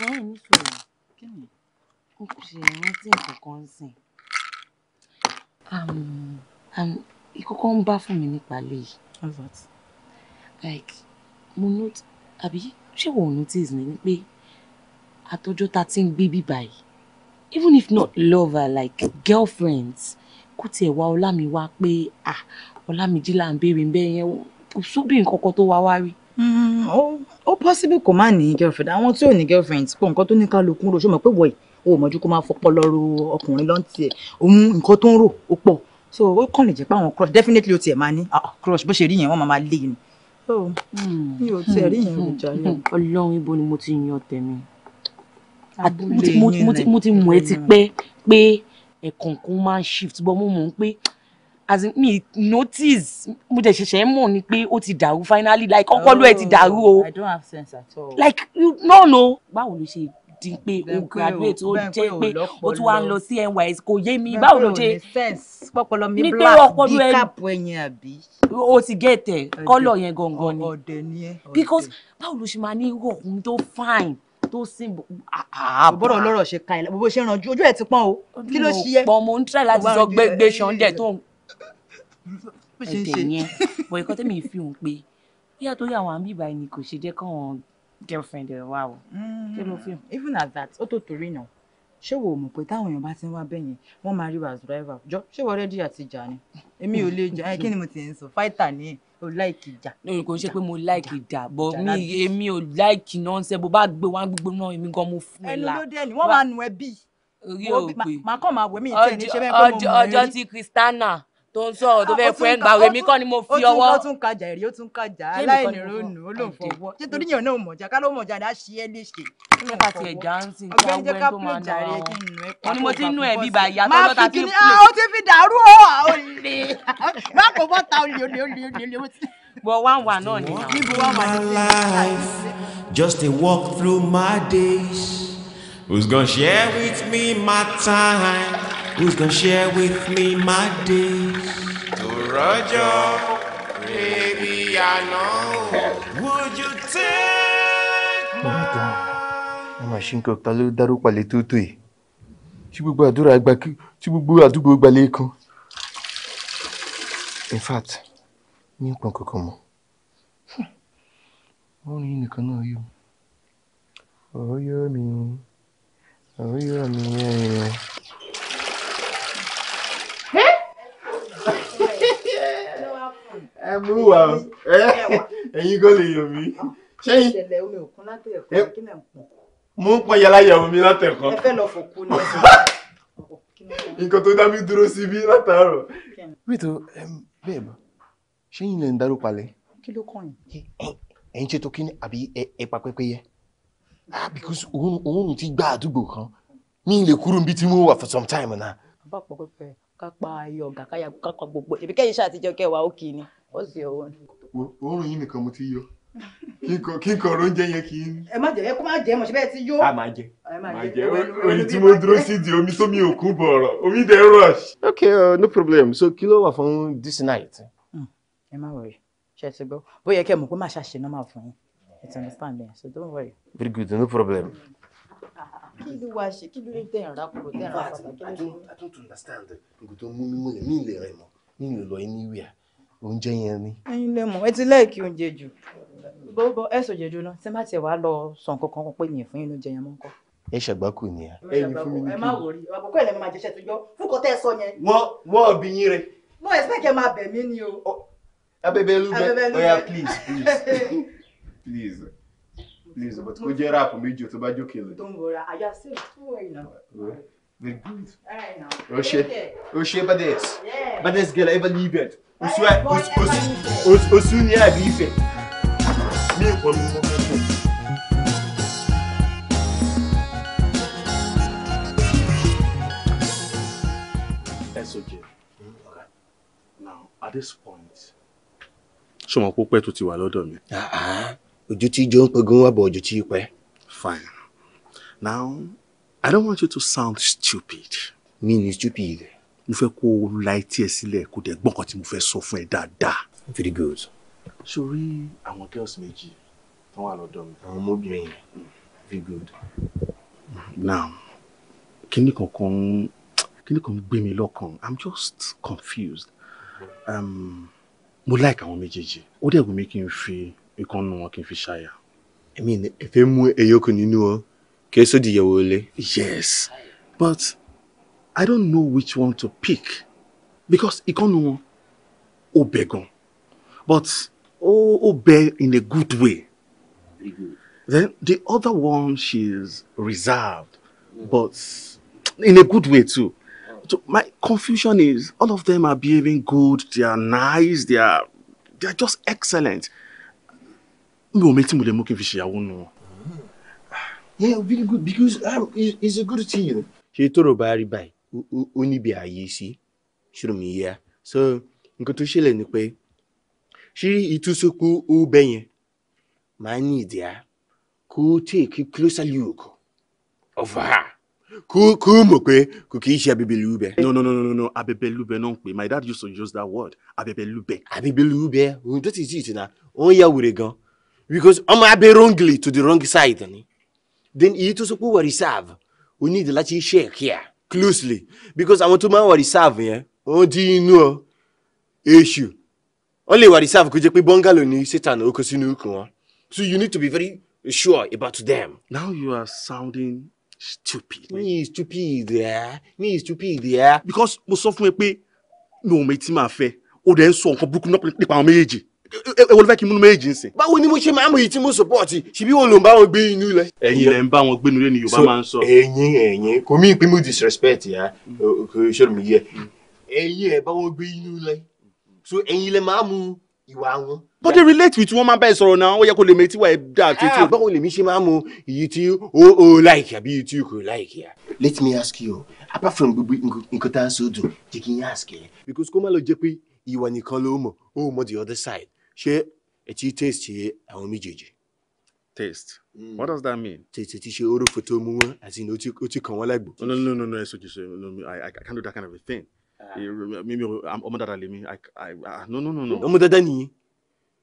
wọ́n ò ní sọ̀rọ̀ kí ni n kò ṣe rántí nǹkan kan sìn ìkọ́kọ́ ń bá fún mi nípa lè yìí like mo note àbí ṣé wọn ò notice ni pé àtọjọ́ ta ti ń gbé bí báyìí even if not lover like girlfriends kò tiẹ̀ wá ọlámiwá pé ah ọlámìjí là ń béèrè ń bẹ́ẹ̀ yẹn kò sóbìnrin kankan tó wá wá rí. Mm, ó possible kò má ní girlfriend àwọn tí ò ní girlfriend kò nǹkan tó ní kálukú ro ṣó mọ̀ pé wọ̀nyí o mọ̀jú kó máa fọpọ́ lọ́rọ̀ ọkùnrin lọ́ntì ẹ̀ òun nǹkan tó ń rò ó pọ̀ so ó kàn lè jẹ́ pé àwọn crush definitely ó tiẹ̀ máa ní crush bó ṣe rí yẹn wọ́n máa máa lé yìí e Oh, mi ò tiẹ̀ rí hmm. yẹn rò hmm. jàre. ọlọ́run ibo ni mo ti yan tèmi mo ti mọ̀ ẹ́ ti hmm. pẹ́ pé ẹ̀ẹ̀kan kan máa ń shift bọ́ mo mọ̀ pé as in me notice mo dẹ̀ ṣẹ̀ṣẹ̀ mọ̀ ni pé ó ti dàrú finally like ọpọlọ ẹ̀ ti oh, dàrú o. I don't have sense at all. like you no no báwo ló ṣe di pé o graduate o jẹ́ pé o tún wá ń lọ sí NYSC kò yé mi báwo ló jẹ́ ní pé ọpọlọ ẹ o ti gẹ̀tẹ̀ kọ́lọ̀ yẹn gangan ni because báwo ló ṣe máa ní irú ọkùnrin tó fine tó sìn bò. bọ́dọ̀ lọ́rọ̀ ṣe ka ìlà bó ṣe ràn ojú ẹ̀ ti pọ́n o kí ló ṣe yẹ. pọ́n mo ń tẹ̀ láti sọ gbẹgbẹ ṣọ́ndẹ̀ tó ń. ẹ̀tẹ̀ yẹn bọ̀ ẹ̀kọ́ tẹ́mi fi hàn pé bí àtúnyàwó àmì ìbáyìí ni kò ṣe jẹ́ kọ́ wọn girlfriend ẹ wá o kí ló mm-hmm. fi hàn even at that ó tó torí náà ṣé wo mọ̀ pé táwọn èèyàn bá ti ń wá bẹ́yẹn wọ́n máa rí wàásù ráìvà jọ ṣé wọ́n rẹ́dí àti jà ni èmi ò lè jà ẹ kí ni mo ti ń sọ fáìtà ni o láìkì jà. lórí kò ṣe pé mo láìkì jà bọ mi èmi ò láìkì náà ṣe bó bá gbé wá gbogbo náà èmi gan mo fún mi la. ẹnu ló dé ni wọ́n máa nu ẹbí. orí òpè màá kàn máa wẹ̀ mí ìtẹ́ ní ṣe bẹ́ẹ̀ pé mo mọ̀ rí. ọjọ́ ti Kristiana tó ń sọ̀rọ̀ tó fẹ́ẹ́ ah, fẹ́ gbàwé mi kọ́ ni mo fi ọwọ́. ó tún kájà èrè ó tún kájà aláìnírònú ó lòun fọwọ́ ṣé torí yẹn náà mọ̀jà ká ló mọ̀jà dá ṣí ẹ́ léṣe. nígbà tí ẹja ń sìn kí wọ́n wẹ́n tó máa ń dára wọn. ni mo ti nú ẹbí bá ìyá tó lọ́ta tí ń pè. ó ti fi dàrú o olè ah, má kò bọ́ta olè olè olè olè olè. bọ̀ wán wà náà ni. níbo wán wà ní Just a walk through my days. Who's gonna share with me my time? Who's gonna share with me my days? To Roger, baby, I know. would you take my time? Ẹ máa ṣe nǹkan ta ló dárò pàlẹ́ tó tó yìí. Tí gbogbo àdúrà gba kí tí gbogbo àdúgbò gbalẹ̀ kan. In fact, ní nǹkan kankan mọ̀. Wọ́n rí nìkan náà yìí. Ọ̀yọ́ mi, ọ̀yọ́ mi ẹ̀yìn. ẹ mú wa o ẹ̀yin kò lè yọ mí ṣẹ́yìn ìṣẹ̀lẹ̀ omi òkun lábẹ́ ẹ̀kọ́ kí náà ń pọ̀. mo ń mi látẹ̀kọ́. ẹ fẹ́ lọ fòkú ni. nǹkan tó dá mi dúró síbí látàárọ̀. wíìtò bẹ́ẹ̀ bá ṣẹ́yìn lè ń darúgbó alẹ́. kí ló kàn yín. ẹ̀yin ṣètò kí ni àbí ah, ti gbá àdúgbò kan mi le kuru nbi tí mo wà for some time na. bá a pọ̀ pẹ́pẹ́ ká pa ayọ̀ ọ̀gá ká pa gbogbo ìbíkẹ́yìn ṣáà ti jọ kẹwàá ó kì í what's your own. oorun yìí nìkan mo ti yọ kí n kọ oúnjẹ yẹn kí n. ẹ má jẹ ẹ kó má jẹ mọ̀ṣẹ́ bẹ́ẹ̀ ti yó. a máa jẹ máa jẹ oyin tí mo dúró sí di omi sómi òkú bọ̀ ọ̀rọ̀ omi dẹ̀ rush. ok uh, no problem so kí ló wà fún this night. Hmm, ẹ má wọrí ṣe ti gbọ́ bóyá kẹ́ mọ̀ pé màá ṣàṣe normal fún yín it's understand me so don't worry. very good no problem. kí ló wá ṣe kí ló lè tẹ̀ ẹ̀rọ àpò tẹ̀ ẹ̀rọ àpò. I don't understand nǹkan tó múnú múnú mi ì lè rẹ̀ mọ́ mi lè lọ anywhere oúnjẹ yẹn ni. ẹ̀yin lè mọ̀ ẹ ti lẹ́ẹ̀kì oúnjẹ jù bọ́bọ́ ẹ sọ jẹjọ náà ṣé má tiẹ̀ wá lọ sọ nǹkan kan pé mi ì fún yín lóúnjẹ yẹn mọ́ nǹkan. ẹ ṣàgbákò ni ẹ ẹ ní fún mi ní kí. ẹ má wòrí àbùkù ẹ̀ lẹ́mọ̀ àjẹsẹ̀ tó yọ fúkọ tẹ́ ẹ sọ yẹn. wọ́n wọ́n bí yín rẹ̀. mo expect ẹ máa bẹ̀ mí ni o. abẹ́bẹ́ lúgbẹ́ oya please please please please but kó jẹ́ rap méjì tó bá jókè lọ. tó ń wọra àyà sí ìfúnwẹ̀ ìnáwó. Very good. All right now. Oshé, Oshé Bades. Yeah. Bades girl, ever leave it osu osu osu ni àbí ìfẹ́ mi mi e mo fẹ́ fún. SOJ now at this point. ṣé wọn kó pẹ́ tó ti wà lọ́dọ̀ mi. Ah, ah. ojú tí jọ ń pẹ̀gùn wà bọ̀ ojú tí pẹ́. fine now I don't want you to sound stupid. mi ni stupid mo fẹ́ kó la etí ẹ kó dẹ̀ gbọ́n tí mo fẹ́ sọ fún ẹ dáadáa. very good. sórí àwọn girls méjì tó wà lọ́dọ̀ mi. àwọn ọmọbìnrin yẹn very good. now kíní kankan kíní kan gbé mi lọ́kàn i'm just confused. Um, mo like àwọn méjèèjì ó dẹ̀ wù mí kí n fi ikán nu wọn kí n fi ṣàyà. I mean ẹ fẹ́ mú ẹyọkùn nínú wọn kí ẹ yes but I don't know which one to pick because ìkànnì wọn ò bẹ̀ but ó in a good way then the other one she's reserved but in a good way too so my confusion is all of them are behaving good they are nice they are they are just excellent mi ò mẹ́tí mo lè mú kí yeah it good because um, it's, it's a good thing. She tó rò bá rí unibiayisi shurumiyia so nǹkan tó ṣẹlẹ̀ ni pé ṣí ìtúsùkú ubẹ̀ yẹn máa ní ìdíyà kó take a closer look of her kó o mọ̀ pé kò kì í ṣe abẹbẹlúbẹ. no no no no no abẹbẹlúbẹ náà ń pè my dad used to use that word abẹbẹlúbẹ. abẹbẹlúbẹ ohun tó ti jí ìtìna òun yà wèrè gan because ọmọ abẹ wrongly to the wrong side ni then èyí tó wà reserve we need ìdí láti ṣe ẹ̀kíà. closely because àwọn tó máa ń wà reserve yẹn wọ́n dín inú ọ èṣù wọ́n lè wà reserve kó jẹ́ pé bọ́ngàlò ni satan ó kó sínú ikùn wọn so you need to be very sure about them. now you are sounding stupid. mi stupid ẹ eh? mi stupid ẹ. Eh? because mo sọ fún ẹ pé mi ò mọ etí máa fẹ́ o dẹ̀ ń sọ nǹkan burúkú náà nípa àwọn méjèèjì ewo ló fẹ́ kí n múnú méjì ń sìn. báwo ni mo ṣe máa mú yìí tí mo sọpọ́ọ̀tì ṣebí wọn ló ń bá wọn gbé inú ilẹ̀. ẹ̀yin lẹ ń bá wọn gbé inú ilé ni yorùbá máa ń sọ. ẹ̀yin ẹ̀yin kò mí pé mo disrespect ya kò ṣòro mi yẹ ẹ̀yin ẹ bá wọn gbé inú ilẹ̀ so ẹ̀yin lẹ máa mú ìwà wọn. but they relate with wọn máa bá ẹ sọ̀rọ̀ náà ó yẹ kó lè mẹ tí wàá dà tuntun. Ah, báwo lèmi ṣe máa mú iye tí o o like àbí iye tí o kò like ya. let me ask you apart from gbogbo nǹkan tá a sọ dùn jẹ́ kí n yá àsìkè. because kó má lọ jẹ́ pé ìwà nìkan ló mọ̀ ó mọ̀ the other side ṣé ẹ ti taste àwọn méjèèjì. taste mm. what does that mean. tètè ti ṣe orúfo tó mú wọn àti ní o ti kàn wọn lágbo. no no no no ẹ sojú ṣe no I, I can't do that kind of a thing. Ah. Eh, mímí ọmọ dada I ah, no no no no. ọmọ dada nìyí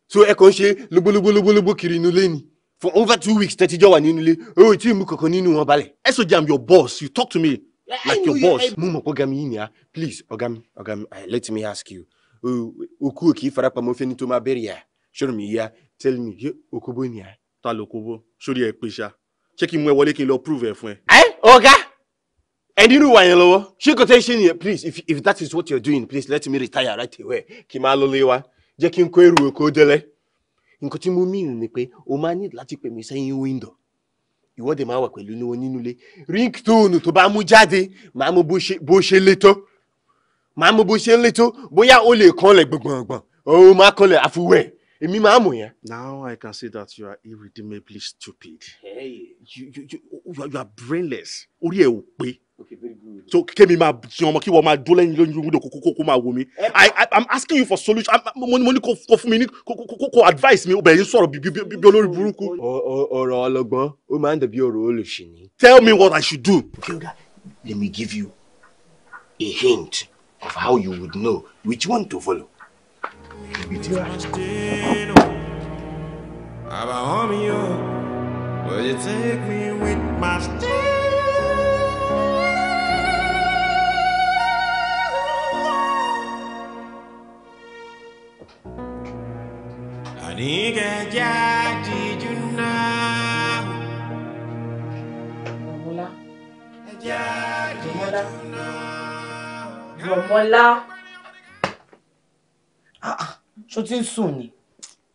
so ẹ kàn ń ṣe lóbólóbólóbó kiri inú ilé for over two weeks tẹ́tí jọ wà nínú ilé o ò tí ì mú kankan nínú wọn balẹ̀. ẹ sọ jẹ́ i'm your boss you talk to me like your boss. mú mọ̀ pé ọ̀gá yìí nìyà ah. please ọ̀gá mi ọ̀gá mi eh, let me ask you uku k'i fara pamọ́ fẹ́ni tó máa bẹ̀rẹ̀ yà e. sọ̀rọ̀ mi yá tẹ́lẹ̀ mi yé okobo ni à. E? ta ló kobo sórí ẹ e pé ṣá ṣé kí n mú ẹ wọlé kí n lọ prove ẹ fún ẹni inú wa yẹn lọ́wọ́ ṣé quotation yẹn please if if that is what you are doing please let me retire right away kí n máa lọ lé wa jẹ́ kí n kó èrò èkó délẹ̀. nǹkan tí mo mìíràn ni pé o máa ní láti pè mí sẹ́yìn window ìwọ́de máa wà pẹ̀lú nínú ilé ringtone tó bá mú jáde máa mú bó ṣe létọ́ màá mọ bó ṣe ń lé tó bóyá ó lè kanlẹ̀ gbọ̀ngbọ̀ngbọ̀n ó máa kanlẹ̀ àfiwẹ̀ èmi máa mọ̀ yẹn. now i can see that you are irredeemably stupid hey. you, you, you, you are brainless orí ẹ ò pé so kémi máa jẹun ọmọ kí wọ́n máa dúró lẹ́yìn lóyún wúdò kókó kó máa wo mi i i'm asking you for solution mo ní kó fún mi ní kó advice mi obìnrin sọ̀rọ̀ bí olórí burúkú. ọ̀rọ̀ ọlọ́gbọ́n ó máa ń dàbí ọ̀rọ̀ olùsìn ni. tell me what i should do. okay oga let me give you a hint of how you would know which one to follow. Will you take me with my steel? Nigga, yeah, did you know? Mola. Yeah, did Rọ̀mọ́lá. Ah, ah, Ṣo ti ń sùn ni?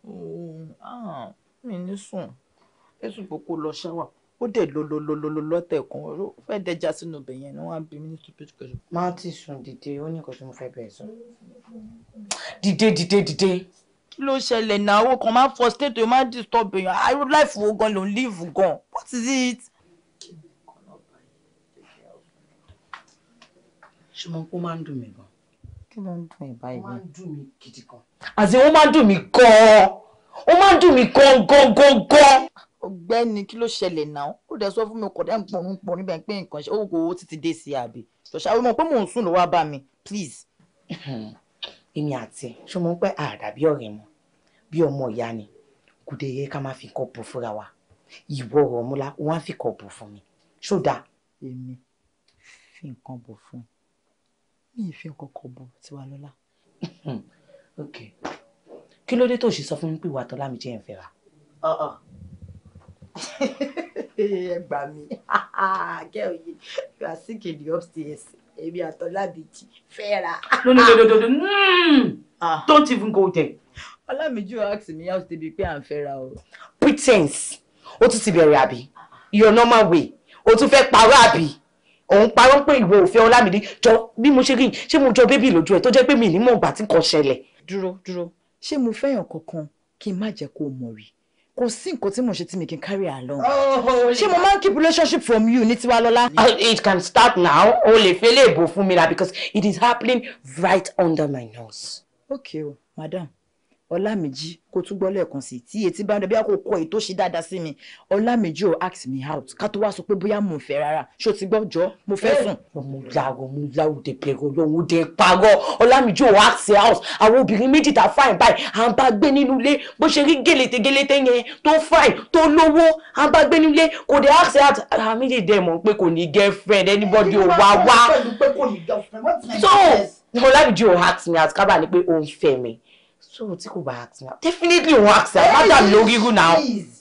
Oh, ah, mi ní sùn. Jésù gbogbo lọ ṣáwà. Ó dẹ̀ lọ́lọ́lọ́lọ́ lọ́tẹ̀ kan. Ó fẹ́ dẹja sínú ibẹ̀ yẹn ni wọ́n á bí mi ní stupid question. Má ti sùn dìde, ó ní nǹkan tí mo fẹ́ bẹ̀rẹ̀ sọ. Dìde dìde dìde. Kí ló ṣẹlẹ̀ náà? Owó kan máa ń frustrate, ó máa ń disturb èèyàn. Life wo gan ló ń live gan? What is it? ṣùgbọ́n kó máa ń dùn mí gan. kí ló ń dùn ẹ báyìí. ó máa ń dùn mí gidi gan. àti ó máa ń dùn mí gan-an ó máa ń dùn mí gan-an gan-an gan-an. ọ̀gbẹ́ni kí ló ṣẹlẹ̀ náà ó dẹ̀ sọ fún mi kò dẹ́ ń pọnrún pọnrún bẹ́ẹ̀ pé nǹkan ṣe ó kò títí dé sí àbí ṣọṣà ó mọ̀ pé mò ń sùn ló wá bá mi please. èmi àti ṣùgbọ́n pé àdàbí ọ̀rẹ́ mọ bí ọmọ ìyá ni kò dé yẹ ká máa fi kọ́ bù fúnra wa ìwọ ọmúlá wọn á fi kọ́ fún mi ṣó dáa. èmi fi nǹkan bù fún un mi ì fi nǹkan kan bò Tiwalọ́lá. Hmm, ok kí ló dé tó ṣe sọ fún mi pé ìwà tọ́lá mi jẹ́ ìfẹ́ ra. Ah, ah. ẹ gbà mí kẹ́ ò yé you are sick in the upstairs èmi àtọ́lábìjì fẹ́ ra. lónìí dododo don't even go there. ọlámìjú ask me how to be pé and ń fẹ́ ra o. pretense ó tún ti bẹ̀rẹ̀ àbí your normal way ó tún fẹ́ parọ́ àbí òun parọ́ pé ìwọ òfẹ́ ọlámìdí jọ bí mo ṣe rí ṣé mo jọ bébì lójú ẹ tó jẹ́ pé mi ní mọ̀ ìgbà tí nǹkan ṣẹlẹ̀. dúró dúró ṣé mo fẹ́yàn kankan kí n má jẹ́ kó o mọ̀ rí kò sí nǹkan tí mo ṣe tí mi kì í carry along. Oh, oh, oh. ṣé mo máa ń keep relationship from you ní tiwa lọ́la. it can start now o lè fẹ́ lè bò fún mi na because it is happening right under my nose. okay o madam ọlámèjì kó tún gbọ́ lẹ́ẹ̀kan sí tí etí bá ń dẹbí àkókò kọ èyí tó ṣe dáadáa sí mi ọlámèjì ò ask me out ká tó wá sọ pé bóyá mo fẹ́ rárá ṣó ti gbọ́ jọ mo fẹ́ sùn. mo láwọ mo láwọ dé pẹ̀rọ lọ́wọ́ dé parọ́ ọlámèjì ò ask me out àwọn obìnrin méjì tá a fáìn báyìí à ń bá gbé nínú ilé bó ṣe rí gèlètè gèlètè yẹn tó fáìn tó lówó à ń bá gbé nínú ilé kò dé ask me out àwọn méjì dẹ̀ mọ̀ pé kò ní anybody ò so ọlámèjì ò ask me out kábàá ní pé ó so tí kò bá ask now definitely won ask now madam lórí irú now. please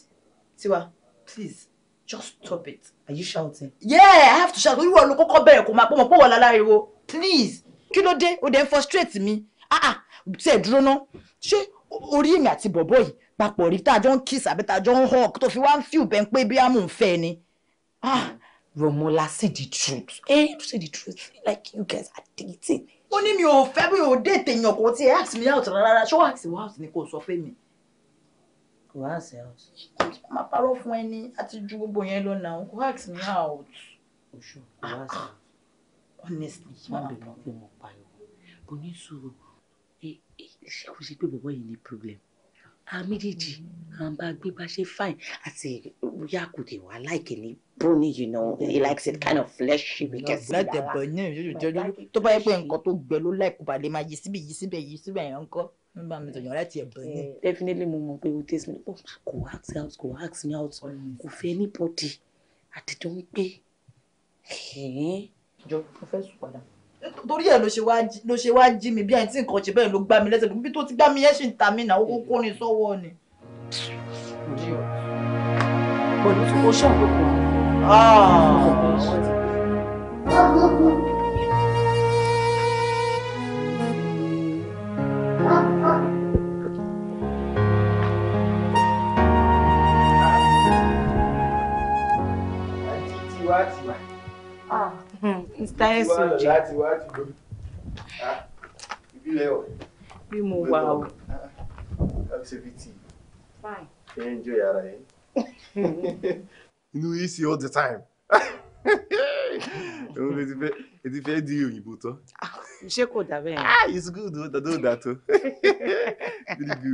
tiwa please just stop it. are you shouting. yeah i have to shout oríwọ̀ ló kọ́kọ́ bẹ̀rẹ̀ kó máa pọ̀ mọ́ pọ̀ wọ́n please kí ló dé o dẹ̀ ń frustrate mi ah ah tí ẹ̀ dúró ná ṣé orí èmi àti bọ̀bọ̀ yìí papọ̀ rí tá a jọ ń kiss àbí tá a jọ ń hug tó fi wá ń feel bẹ́ẹ̀ pé bí àmú ń fẹ́ ni. Ah, Romola, say the truth. Eh, say the truth. Like you guys are dating ó ní mi ò fẹ́ bí o déètè èèyàn kò tí ẹ ask me out rárá ṣó ask me out ni kò sọ fún mi. kò ask me out. má parọ́ fún ẹni àti ju gbogbo yẹn lọ náà kò ask me out. oṣù kò ask me out. honestly má bẹ̀rù pé mo pariwo mo ní sùúrù ṣé kò sí pé bàbá yìí ní problem àwọn méjèèjì àwọn bá gbé bá ṣe fine àti bóyá kò dé wá like ní brony you know he likes it kind of fleshy we can see that. láti ẹ̀bọ̀ ní ìjọ́jọ́ jẹ́jọ́ tó bá yẹ pé nǹkan tó gbẹ ló láìkú bá lè máa yí síbẹ̀ yí síbẹ̀ yí síbẹ̀ yẹn ń kọ́ nígbà mi tọ̀yàn láti ẹ̀bọ̀ ní. Eh, definitely mo mọ pé o taste me oh go ask me out go ask me out kò fẹ́ anybody àtijọ́ ń pé. Eh, jọ mo fẹ́ sùn padà torí ẹ ló ṣe wá jí mi bí ẹni tí nǹkan ṣe bẹ́ẹ̀ ló gbá mi lẹ́sẹ̀ bí tó ti gbá mi yẹn ṣì ń ta mí náà ó kórin sọ́wọ́ ni. pẹ̀lú tí mo ṣàkóso. Ah. mr soj ah, bí mo wà o. Ah, enjoy ara yẹn. inú yìí sí all the time. òun lè ti fẹ́ lè ti fẹ́ di òyìnbó tán. Ah, ṣé kò dà bẹ́ẹ̀. ah it's good o dàdó dà tó. very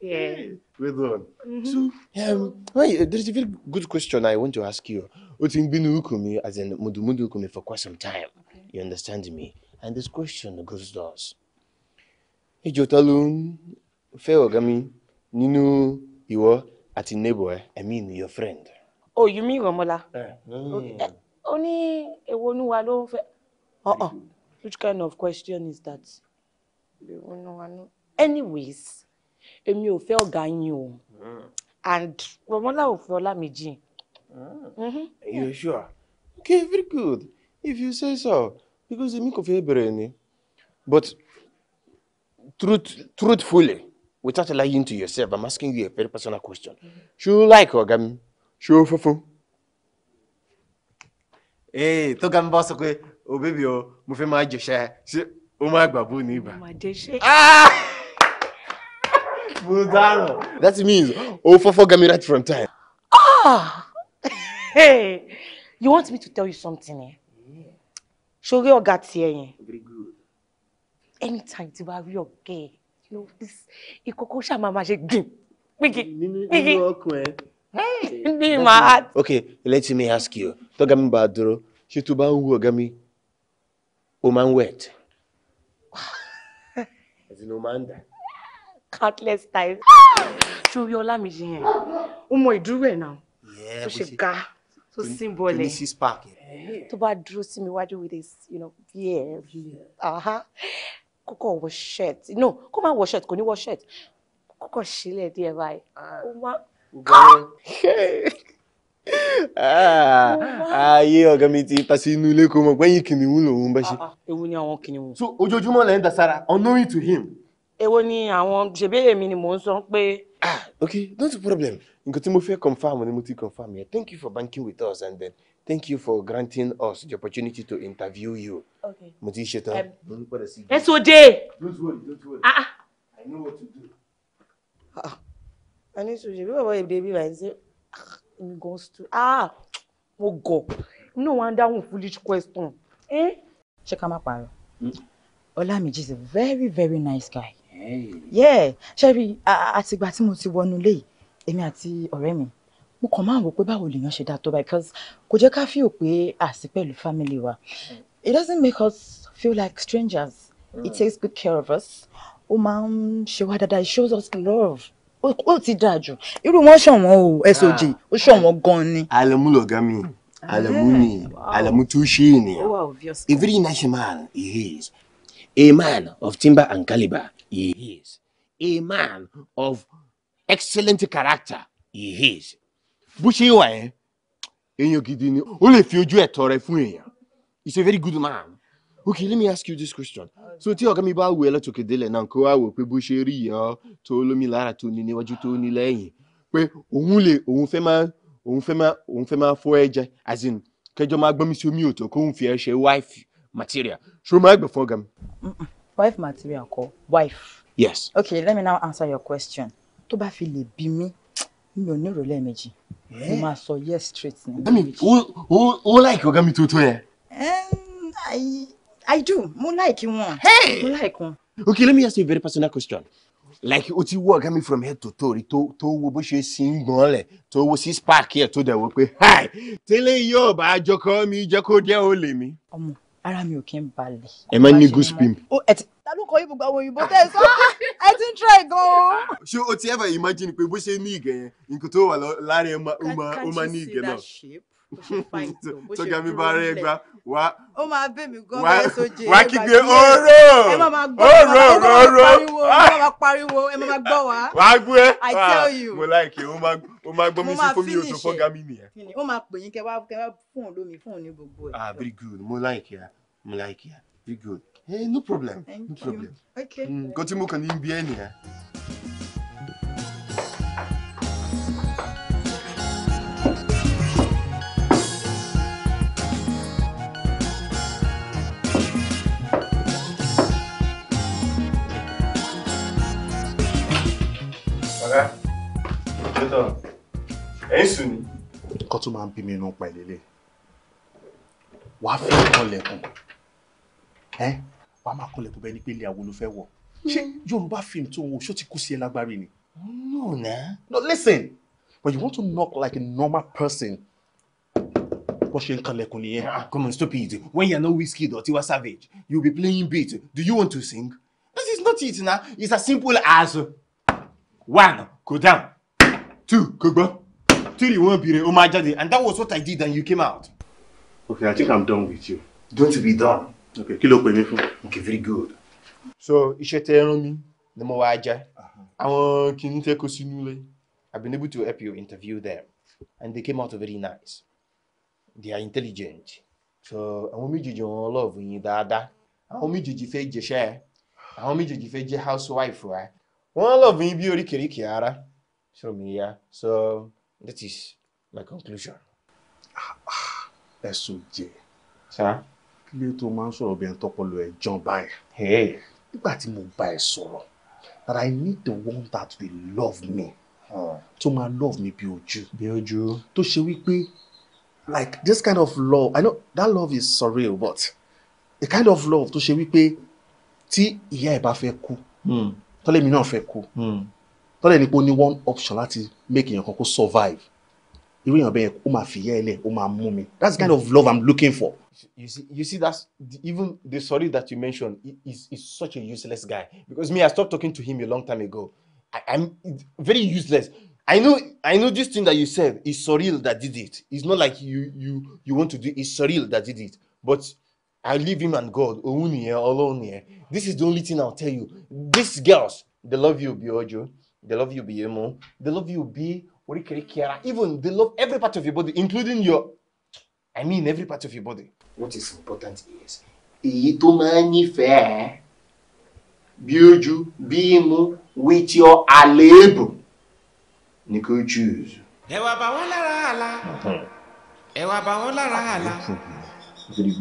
Yeah. well done. so mm-hmm. um, wait, there is a very good question I want to ask you. What ti ń bínú as in mùdùmùdù ikùn for quite some time okay. you understand me and this question goes thus ìjọ ta ló ń fẹ́ ọ̀gá mi nínú ìwọ i mean your friend. oh you mean Romola? Eh, mm. eh, ó ní èwo olúwa ló ń fẹ́ ọ̀ọ́ uh-uh. which kind of question is that èwo olúwa ló anyways èmi ò fẹ́ ọ̀gá yín o mm. and Rọmọlá ò fẹ́ Ọlámìjì. Mm-hmm. You're sure? Okay, very good. If you say so, because èmi kò fẹ́ bẹ̀rẹ̀ ni. But truth, truthfully, without lying to yourself, I'm asking you a very personal question. Mm-hmm. Ṣé o like ogami? mi? Ṣé o Hey, Ee, eh, tó ga mi oh sọ pé, o oh, bébì o, oh, mo fẹ́ máa jẹ̀ṣẹ́, ṣé o máa gbàgbọ́ ní ibà? Mo ah! That means oh for for gami right from time. Ah! hey, you want me to tell you something eh? ṣoré ọ̀gá tiẹ̀ yẹn anytime tí wàá rí ọ̀gá ẹ̀ you know this ìkókó ṣáà máa máa ṣe gbìn hmm, Hey, pínkì ní heart. okay let me ask you Talk about bá She to ṣé tó bá ń wet ẹ̀sìn ló máa ń countless times ah! ṣorí ọlámìjì yẹn ó mọ ìdúró ẹ̀ náà tó eh, ṣe ga tó símbọlẹ eh, tó bá dúró sí mi wájú with his you know beard kókó wọ shirt no kó má wọ shirt kò ní wọ shirt kókó sílẹ̀ díẹ̀ báyìí ah. ó má. Ah, ayé ọ̀gá mi ti tasí inú ilé kó mọ̀ pẹ́yìn kìnìún lòun bá ṣe. Èwo ah, ni àwọn kìnìún? So ojoojúmọ́ lẹ̀ ń dà sára, unknowing to him. Ewo ni àwọn ṣèbéèrè mi ni mò ń sọ pé ah okay No problem nǹkan tí mo fẹ́ confam ni mo ti confam yẹn thank you for banking with us and then thank you for granting us the opportunity to interview you. okay mo ti ṣetán. ẹ so dé. don't worry don't worry ah, ah. i know what to do. ah ẹni sọ ṣe bí bàbá yìí débi báyìí ṣe nǹkan ah, stu ah mo gọ̀ inú wa ń dáhùn foolish question. Eh? ṣé ká má parọ́ ọlámìjí hmm? is a very very nice guy yẹ ṣebí àtìgbà tí mo ti wọnú ilé yìí èmi àti ọ̀rẹ́ mi mo kàn máa wò pé báwo lèèyàn ṣe dá tó báyìí because kò jẹ́ ká feel pé àsí pẹ̀lú family wa it doesn't make us feel like strangers it mm. takes good care of us ó máa ń ṣe wá dáadáa it shows us love ó ti dáa jù irú wọn ṣọ̀wọ́n o soj ah. ó ṣọ̀wọ́n gan-an ni. àlẹmúlọgá mi àlẹmúni ah. àlẹmútúṣe ènìyàn a very nice man he is a man of timber and calibre He is. A man of excellent character. He is. Bó ṣe wà ẹ́, èèyàn gidi ni, ó lè fi ojú ẹ̀ tọrẹ fún èèyàn. He's a very good man. Okay, let me ask you this question. So tí ọ̀gá mi bá wù ẹ́ lọ́tọ̀kẹ́ délẹ̀ náà kó wá wò pé bó ṣe rí ìyàn tó lómi lára tó ní níwájú tó ní lẹ́yìn pé òun lè òun fẹ́ máa òun fẹ́ máa òun fẹ́ máa fọ́ ẹ jẹ as in kẹjọ máa gbọ́n mi sí omi òtò kóun fi ẹ ṣe wife material ṣó máa gbẹ̀ fún ọ̀gá mi wife material kọ́ wife. yes. okay let me now answer your question tó bá fi lè bí mi mi ò ní ìrọ̀lẹ́ mo eh? máa sọ yes straight ní ìrọ̀lẹ́ méjì. ó láìkí ọ̀gá mi tó tó yẹn. Um, I I do mo láìkí wọn mo like wọn. okay let me ask you a very personal question like o ti wo ọ̀gá mi from head to toe rí tó wo bó ṣe sí ń gbọ́n lẹ̀ tó wo sí spark yẹ tó dẹ̀ wọ pé hi tẹ́lẹ̀ yóò bá àjọkọ́ mi jẹ́ kó jẹ́ ó lè mi. ọmọ ara mi ò kí ń balẹ̀. ẹ máa ń ní goose pimp. ó oh, ẹ talukọ yìí gbogbo àwọn òyìnbó tẹ ẹ sọ ẹ ti ń try gan. Ah, ṣé o ti ever imagine pé bó ṣe ní ìgẹ̀ yẹn nǹkan tó wà lára ẹ ó máa ní ìgẹ̀ náà tọ́jà mi bá rẹ̀ gba wá. ó máa bẹ̀ mí gan bẹ́ẹ̀ sóje. wá kígbe oró oró oró ẹ máa pariwo ẹ máa gbọ́ wá. wá gbọ́ ẹ I tell ah, you. mo láìkè ó máa gbọ́ mi sí fún mi ò tó fọ́gá mi nìyẹn. ó máa pè yín kẹ wá kẹ wá fóun lómi fóun ní gbogbo ẹ. ah very good mo láìkè ya mo láìkè ya very good. Hey, eh, no problem. Thank no you. problem. Okay. Mm, go to Mook and Indian here. ẹ̀yìn sùn ni. nǹkan tó máa ń bí mi inú pa ìlélẹ̀ wàá fi ìkànlẹ̀kùn ẹ́ wàá máa kọlẹ̀ kó bẹ́ẹ̀ ni pé ilé àwo ló fẹ́ wọ̀ hmm. ṣé yorùbá fíìmù tó wo ṣó ti kú sí ẹ lágbárí ni. no na no listen but you want to knock like a normal person bó ṣe ń kanlẹ̀kùn nìyẹn. Ah, come on stop it when you are not Wizkid or Tiwa Savage you be playing beat do you want to sing this is not it na it's as simple as one go down two go gbọ́ three wọ́n bìrẹ̀ o máa jáde and that was what I did and you came out. okay I think I'm done with you. don't be done ok kí ló pè mí fún. ok very good. so iṣẹ́ tẹ ẹran mi ni mo wáá jẹ́ àwọn kìíní tẹ kó sínú ilé I've been able to help you interview them and they came out very nice they are intelligent so àwọn méjèèjì wọn love yín dáadáa àwọn méjèèjì fẹ́ jẹṣẹ́ àwọn méjèèjì fẹ́ jẹ́ housewife wa wọ́n love yín bí oríkèéríkèé ara so mi ya so that is my conclusion. Ah, ah, ẹ̀sùn jẹ. sir kí ló tó máa ń sọ̀rọ̀ bí ẹni tọ́pọ̀lọ ẹ̀ jàn báyìí nígbà tí mo bá ẹ sọ̀rọ̀ that I need the one that will love me hmm. tó máa love me bí ojú bí ojú tó ṣe wípé like this kind of love I know that love is surreal but the kind of love tó ṣe wípé tí ìyá ẹ̀ bá fẹ́ kú hmm. tọ́lẹ̀ mi náà fẹ́ kú hmm. tọ́lẹ̀ ni pé ó ní one option láti make èèyàn kan kó survive irú èèyàn bẹ́ẹ̀ ó máa fìyà ẹ̀ lẹ̀ ó máa mú mi that's the kind of love I'm looking for. you see, you see that's even the sorry that you mentioned is is such a useless guy because me, I stopped talking to him a long time ago. I, am very useless. I know, I know. This thing that you said is surreal that did it. It's not like you you you want to do. It's surreal that did it. But I leave him and God alone here, alone here. This is the only thing I'll tell you. These girls, they love you, Biojo. They love you, Biemo. They love you, Bi. Even they love every part of your body, including your I mean every part of your body. What is important is èyí tó máa ń nífẹ̀ẹ́ bí ojú bí imú with your àléébù ni kò choose. ẹwà bá wọn lára àlà ẹwà bá wọn lára àlà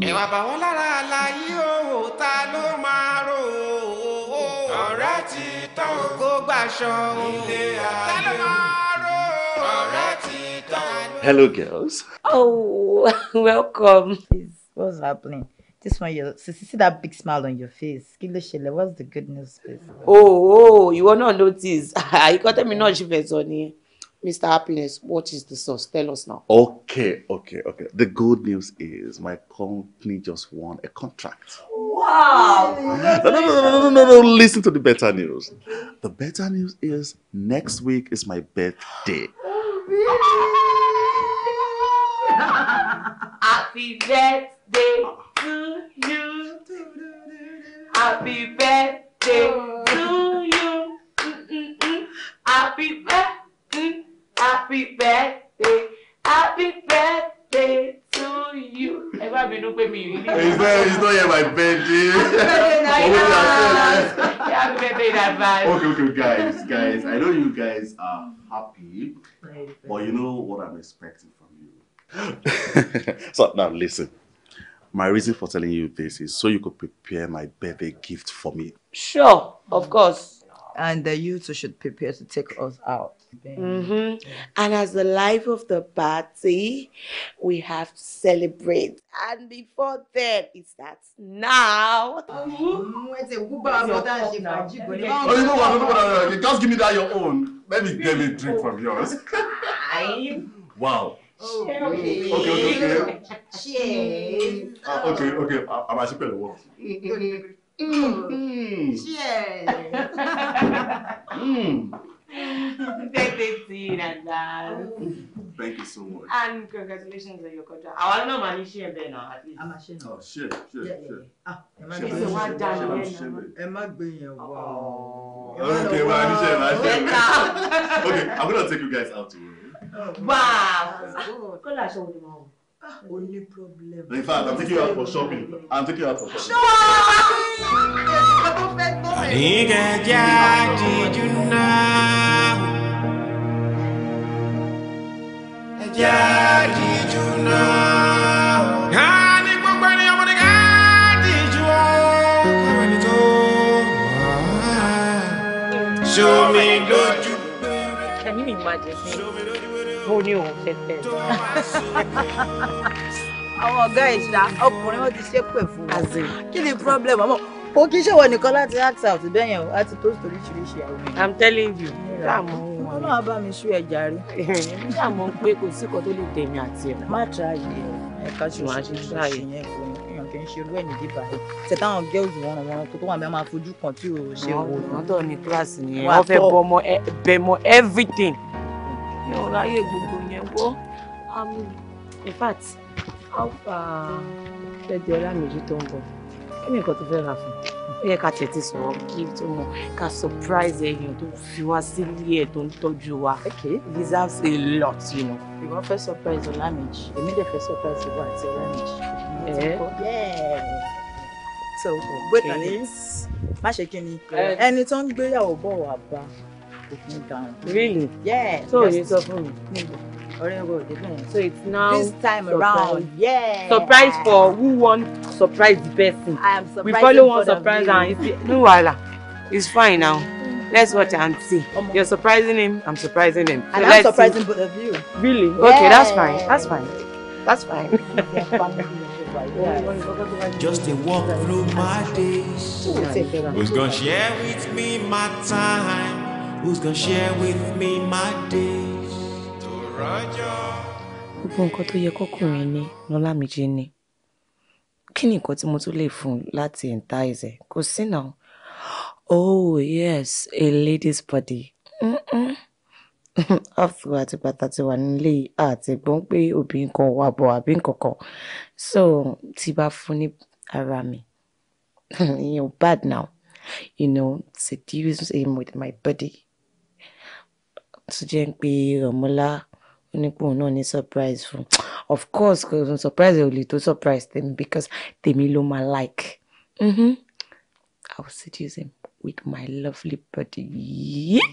ẹwà bá wọn lára àlà yìí ó ta ló máa rò ó ọ̀rẹ́ ti tán kó gbàṣọ ilé ayé. Hello, girls. Oh, welcome. Please, what's happening? This one, you see, see that big smile on your face. what's the good news, please? Oh, oh, you will not notice. I got a not Jivesoni. Mr. Happiness, what is the source? Tell us now. Okay, okay, okay. The good news is my company just won a contract. Wow! no, no, no, no, no, no, no, listen to the better news. The better news is next week is my birthday. Oh, really? Happy birthday to you. Happy birthday to you. Happy birthday. Happy birthday. Happy birthday to you. Ẹ bá mi dúpẹ́ mi rí. It's not it's not yet my birthday. Happy birthday in advance. Okay, okay, guys, guys, I know you guys are happy, but you know what I'm expecting so now listen. My reason for telling you this is so you could prepare my birthday gift for me. Sure, of mm. course. And uh, you two should prepare to take us out. Mm -hmm. And as the life of the party, we have to celebrate. And before then, it starts now. Mm-hmm. Oh, Just give me that your own. Let me a drink from yours. wow. okay okay okay cheers ah okay okay a máa ṣe pẹ̀lú wọ. cheers. Thank you so much. And congratulations on your contract. Àwọn náà máa ní ṣe ẹ̀bẹ̀ náà at least. A máa ṣe náà. Ṣe ṣe ṣe. Ṣe wá dáná lẹ́nu. Ẹ má gbé Okay, wá ní Okay, I'm gonna take you guys out to. Ah, ah, problem. In fact, I'm taking you out for shopping. I'm taking you out for shopping. Àdìgẹ jẹ́ àdìjú Show me, don't Can you imagine? tó ní ìṣá ọkùnrin wọn ti ṣépè fún wa kí ni problem ọmọ o kì í ṣèwọ nìkan láti act out bẹ́ẹ̀ yẹn o láti tó oríṣiríṣi àwọn èèyàn. i'm telling you láàmú wọn náà bá mi ṣú ẹja rí. láàmú pé kò sí kan tó lè tẹ̀mí àti ẹ̀. má tíráyè ẹ̀ka ṣùgbọ́n àṣìṣe yẹn fún mi kì í ṣerú ẹ̀ nídìí báyìí ṣe táwọn girls wọn ràn wọn tó wà mí máa fojú kan tí ò ṣe wò. wọn tó ní kíláàsì nìyẹn wọn fẹ́ mi ò ráyè gbogbo yẹn wọ́ um, in fact fẹ́ um, di ọlá méjì tó ń bọ̀ kí ni nǹkan tó fẹ́ rà fún ó yẹ ká tètè sọ̀rọ̀ kí tó mọ̀ ká surprise èèyàn tó fi wá sílé ẹ̀ tó ń tọ́jú wa deserves a lot you know. ìwọ fẹ́ surprise ọlá méjì èmi dẹ̀ fẹ́ surprise ìwọ àti ọlá méjì. so wait a minute má ṣe kí ni ẹni tó ń gbéyàwó bọ̀ wá bá. Really? Yeah. So you suffer. So it's now this time surprise. around. Yeah. Surprise for who won surprise the person. I am surprised. We follow one surprise and it's no wahala. It's fine now. Let's watch and see. Um, You're surprising him. I'm surprising him. So and I'm surprising see. both of you. Really? Yeah. Okay, that's fine. That's fine. That's fine. Just a walk through my days. Who's gonna share with me my time? Who's gonna share with me my days? Gbogbo nǹkan tó yẹ kọkùnrin ní Nọ́lámìjí ni. Kí ni nǹkan tí mo tún lè fún un láti entice ẹ̀? Kò sí náà. Oh yes, a lady's body. Afro àti bàtà ti wà nílé àti gbọ́n pé obìnrin kan wà bọ̀ àbí nǹkan kan. So tí bá fún ní ara mi, you know bad now. You know, seduce him with my body. tó jẹ́ pé Rọ̀mọ́lá ó ní pé òun náà ní surprise fún of course cause sùn surprise ò lè tó surprise tèmi because they me ló my like mm-hmm. I will seduce him with my lovely body. Yeah.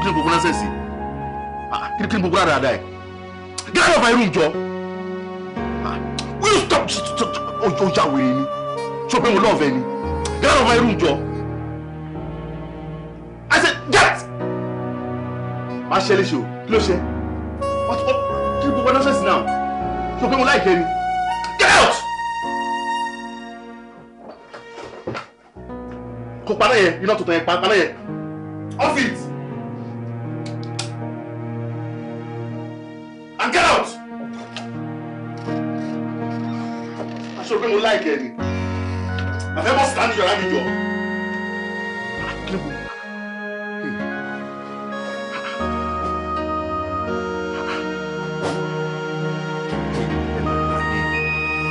kí ni gbogbo nọ́sẹ̀sì kí ni kí ni gbogbo rárá get out of my room jọ ah, will you stop ọjọ́ ọjà oh, wèrè ni ṣé o pé mo lọ́ọ̀fẹ́ ni get out of my room Joe. I said get má ṣe léṣe o kí ló ṣe kí ni gbogbo nọ́sẹ̀sì náà ṣé o pé mo láìpẹ́ ni get out. kò paná yẹn iná tuntun yẹn paná yẹn off it. láìkẹ́ ni àfẹ́ bọ́ sítáàdì yọ̀rá mi jọ.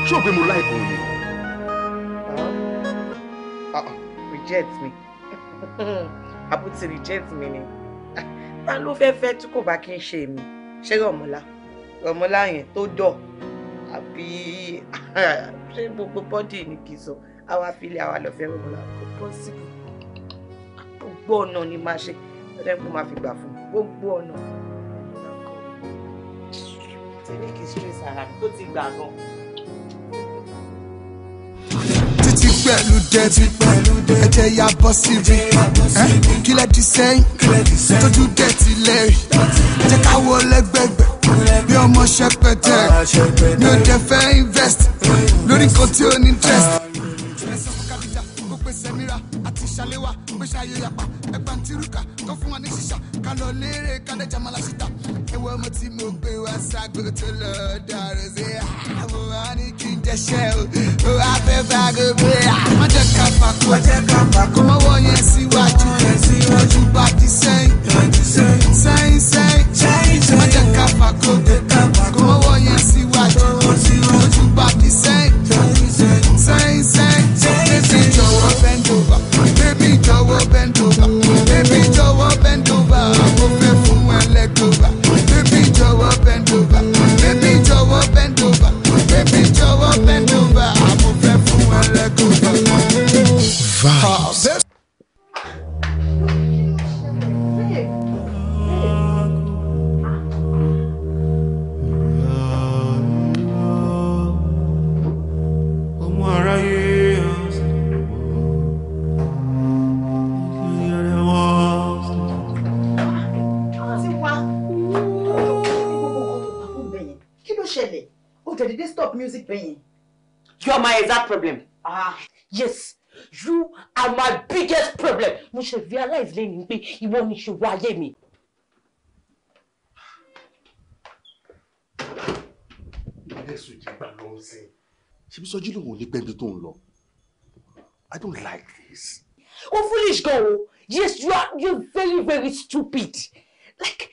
ṣé o pé mo láìkọ̀ òye. reject me àbútí reject me ni ta ló fẹ́ fẹ́ tí kò bá kí n ṣe mi ṣé rọ̀mọ́lá rọ̀mọ́lá yẹn tó dọ̀ àbí ṣé gbogbo bọ́dì ni kì í sọ àwa filẹ̀ àwa lọ fẹ́ wọn la kò pọ́sibú gbogbo ọ̀nà ni máa ṣe ọ̀dẹ́ mo máa fi gbà fún gbogbo ọ̀nà. tèmi kì í stress ara tó ti gbà gan pẹ̀lú dẹ́tí ẹ̀jẹ̀ ya bọ́ sí rí kílẹ̀ di sẹ́yìn tójú dẹ́tí lẹ́rì ẹ̀jẹ̀ káwọ́ lẹ́gbẹ̀gbẹ̀ bí ọmọ ṣẹpẹtẹ mi ò dẹ fẹ́ invest lórí nǹkan tí ó ní interest. ẹ̀sán fún kábíjà ó ayé yapa ẹ̀gbà ń tirúkà tó fún wa ní ṣíṣà ká léèrè kálẹ̀ jàmálà síta ẹwọ́ mo ti mo gbé wá ságbó tó lọ dàrú sí àwọn àní kì í dẹ́ṣẹ̀ o ó wá fẹ́ bá gbogbo à. má jẹ́ ká pàkó má jẹ́ ká pàkó mọ́wọ́ yẹn síwájú yẹn síwájú bá ti sẹ́yìn sẹ́yìn sẹ́yìn má jẹ́ ká pàkó mọ́wọ́ yẹn síwájú síwájú bá ti sẹ́yìn. mo ṣe realize lẹ́yìn pé ìwọ ni ṣòro ayé mi. ilé ìsòjì gbà ló ń sìn. ṣebí sọjí lòun ò ní pẹ́ẹ́bí tó ń lọ i don't like this. o oh, foolish girl o yes you are you are very very stupid like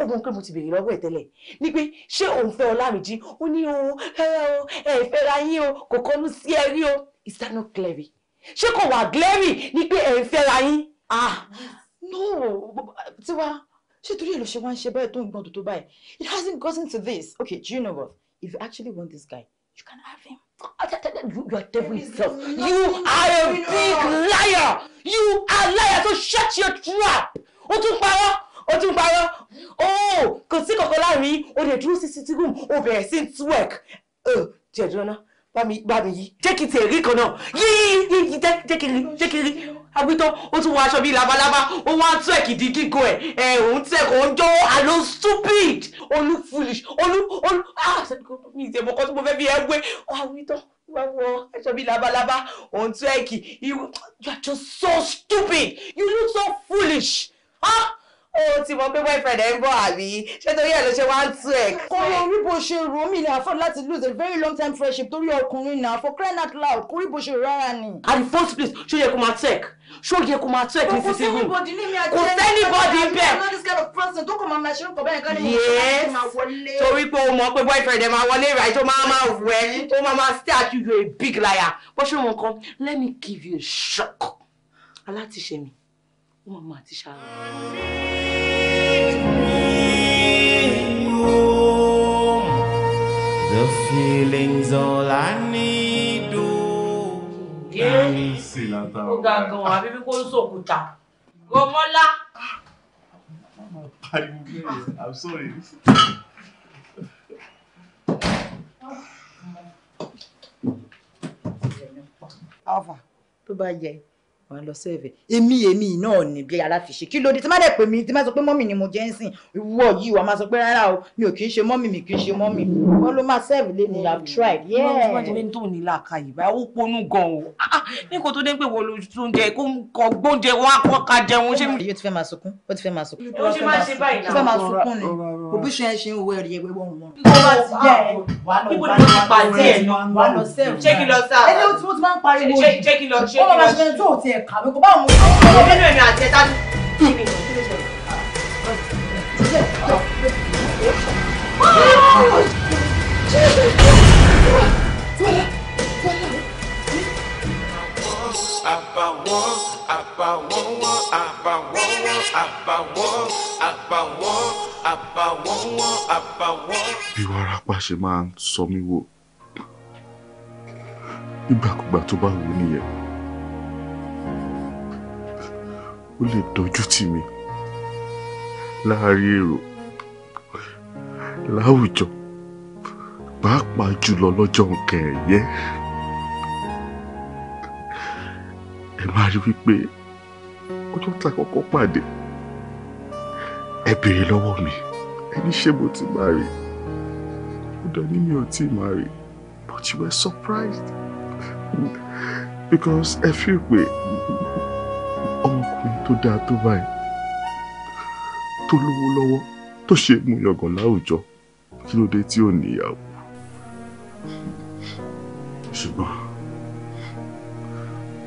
ogun pé mo ti béèrè lọ́wọ́ ẹ̀ tẹ́lẹ̀ ni pé ṣé òun fẹ́ ọlámìjí ó ní o ẹ ẹ fẹ́ra yín o kò kọ́nu sí ẹ rí o is that not clear? ṣé kò wà glaring ni pé ẹ̀ ń fẹ́ra yín. Ah. no tiwa ṣé torí èlò ṣe wá ń ṣe báyìí tó ń gbọ́n tó báyìí it hasn't gotten to this okay do you know what if you actually want this guy you can have him. Ah, you, you are devil yourself. You are a big liar. You are liar. So shut your trap. O tún parọ́ ó tún parọ́ ooo kò sí kankan láàrin o lè dúró sí sitting room o bẹ̀rẹ̀ sí twerk oh, ẹ náà bámi bámi yí jẹ́ kí tiẹ̀ rí kan náà yíyí yíyí jẹ́ kí rí jẹ́ kí rí agbítọ́ ó tún wọ aṣọ bíi labalábá ó wá tún ẹ̀ kìdí gígùn ẹ̀ ẹ̀ òun tẹ̀ kò ń jọ́ àlọ́ stupid olú foolish olú olú ah mi ìṣe mọ́kọ́ tí mo fẹ́ fi ẹ gbé agbítọ́ wá wọ aṣọ bíi labalábá òun tún ẹ̀ kì you are just so stupid you look so foolish. Huh? Ah! ó ti mọ pé boyfriend ẹ ń bọ̀ àbí ṣé torí ẹ̀ ló ṣe wá ń tú ẹ̀. kórè orí bó ṣe rò mí lè afford láti lose a very long time friendship torí ọkùnrin náà for crying out loud kórè bó ṣe rárá ni. at the first place ṣó yẹ kó máa tech ṣó yẹ kó máa tech ní sisi room kò sẹ́nibọ̀dì bẹ́ẹ̀. yes torí pé o mọ̀ pé boyfriend ẹ máa wọlé ìrà tó máa máa wù ẹ́ tó máa máa stay at you you a big liar bó ṣe wọn kan let me give you a shock aláti ṣe mi wọn máa ti ṣàrò. The feelings all I need oh, do. Ó ga gan-an, àbí bí kò ń sòkúta. Gọmọ́lá. Pariwo bẹ́ẹ̀, I'm sorry. Alfa. Tó bá jẹ wàá lọ sẹ́ẹ̀fẹ̀ èmi èmi náà ní bí aláfiṣe kí ló dé tí má dẹ̀ pè mí tí má sọ pé mọ́mì ni mo jẹ́ ń sìn ìwọ yìí wàá máa sọ pé rárá o mi ò kì í ṣe mọ́mì mi kì í ṣe mọ́mì wọ́n ló máa sẹ́ẹ̀fì lé ní i've tried. yẹ́ẹ̀ wọ́n ti lé ní tòun ní làákà yìí báyìí ó ponú gan o ah, ah, ní kò tó dé pé wọ́n lo oúnjẹ kó ń kọ gbóúnjẹ wọn akọ ka jẹun ṣé. yóò ti fẹ́ máa sunkún ó ti fẹ́ máa sunkún. ó ti máa ẹ̀ kàwé kò bá àwọn ọmọ nínú ẹ̀mí àti ẹ̀ta ní. Àbàwọ́n àbàwọ́n wọ́n àbàwọ́n wọ́n àbàwọ́n àbàwọ́n àbàwọ́n wọ́n àbàwọ́n. Bí wàràpá ṣe máa ń sọ mí wò, ìgbàkúgbà tó bá wù ú nìyẹn. ó lè dojú tì mí láàárín èrò láwùjọ pàápàá jùlọ lọ́jọ́ kẹ̀ẹ̀yẹ́ ẹ máa rí wípé ọjọ́ tá a kọ́kọ́ pàdé ẹ béèrè lọ́wọ́ mi ẹni ṣé mo ti máa rí ó dání mi ò tí máa rí but you were surprised because ẹ fi pé tó dáa tó báyìí tó lówó lọ́wọ́ tó ṣe é mú yangàn láwùjọ kí ló dé tí ò níyàwó ṣùgbọ́n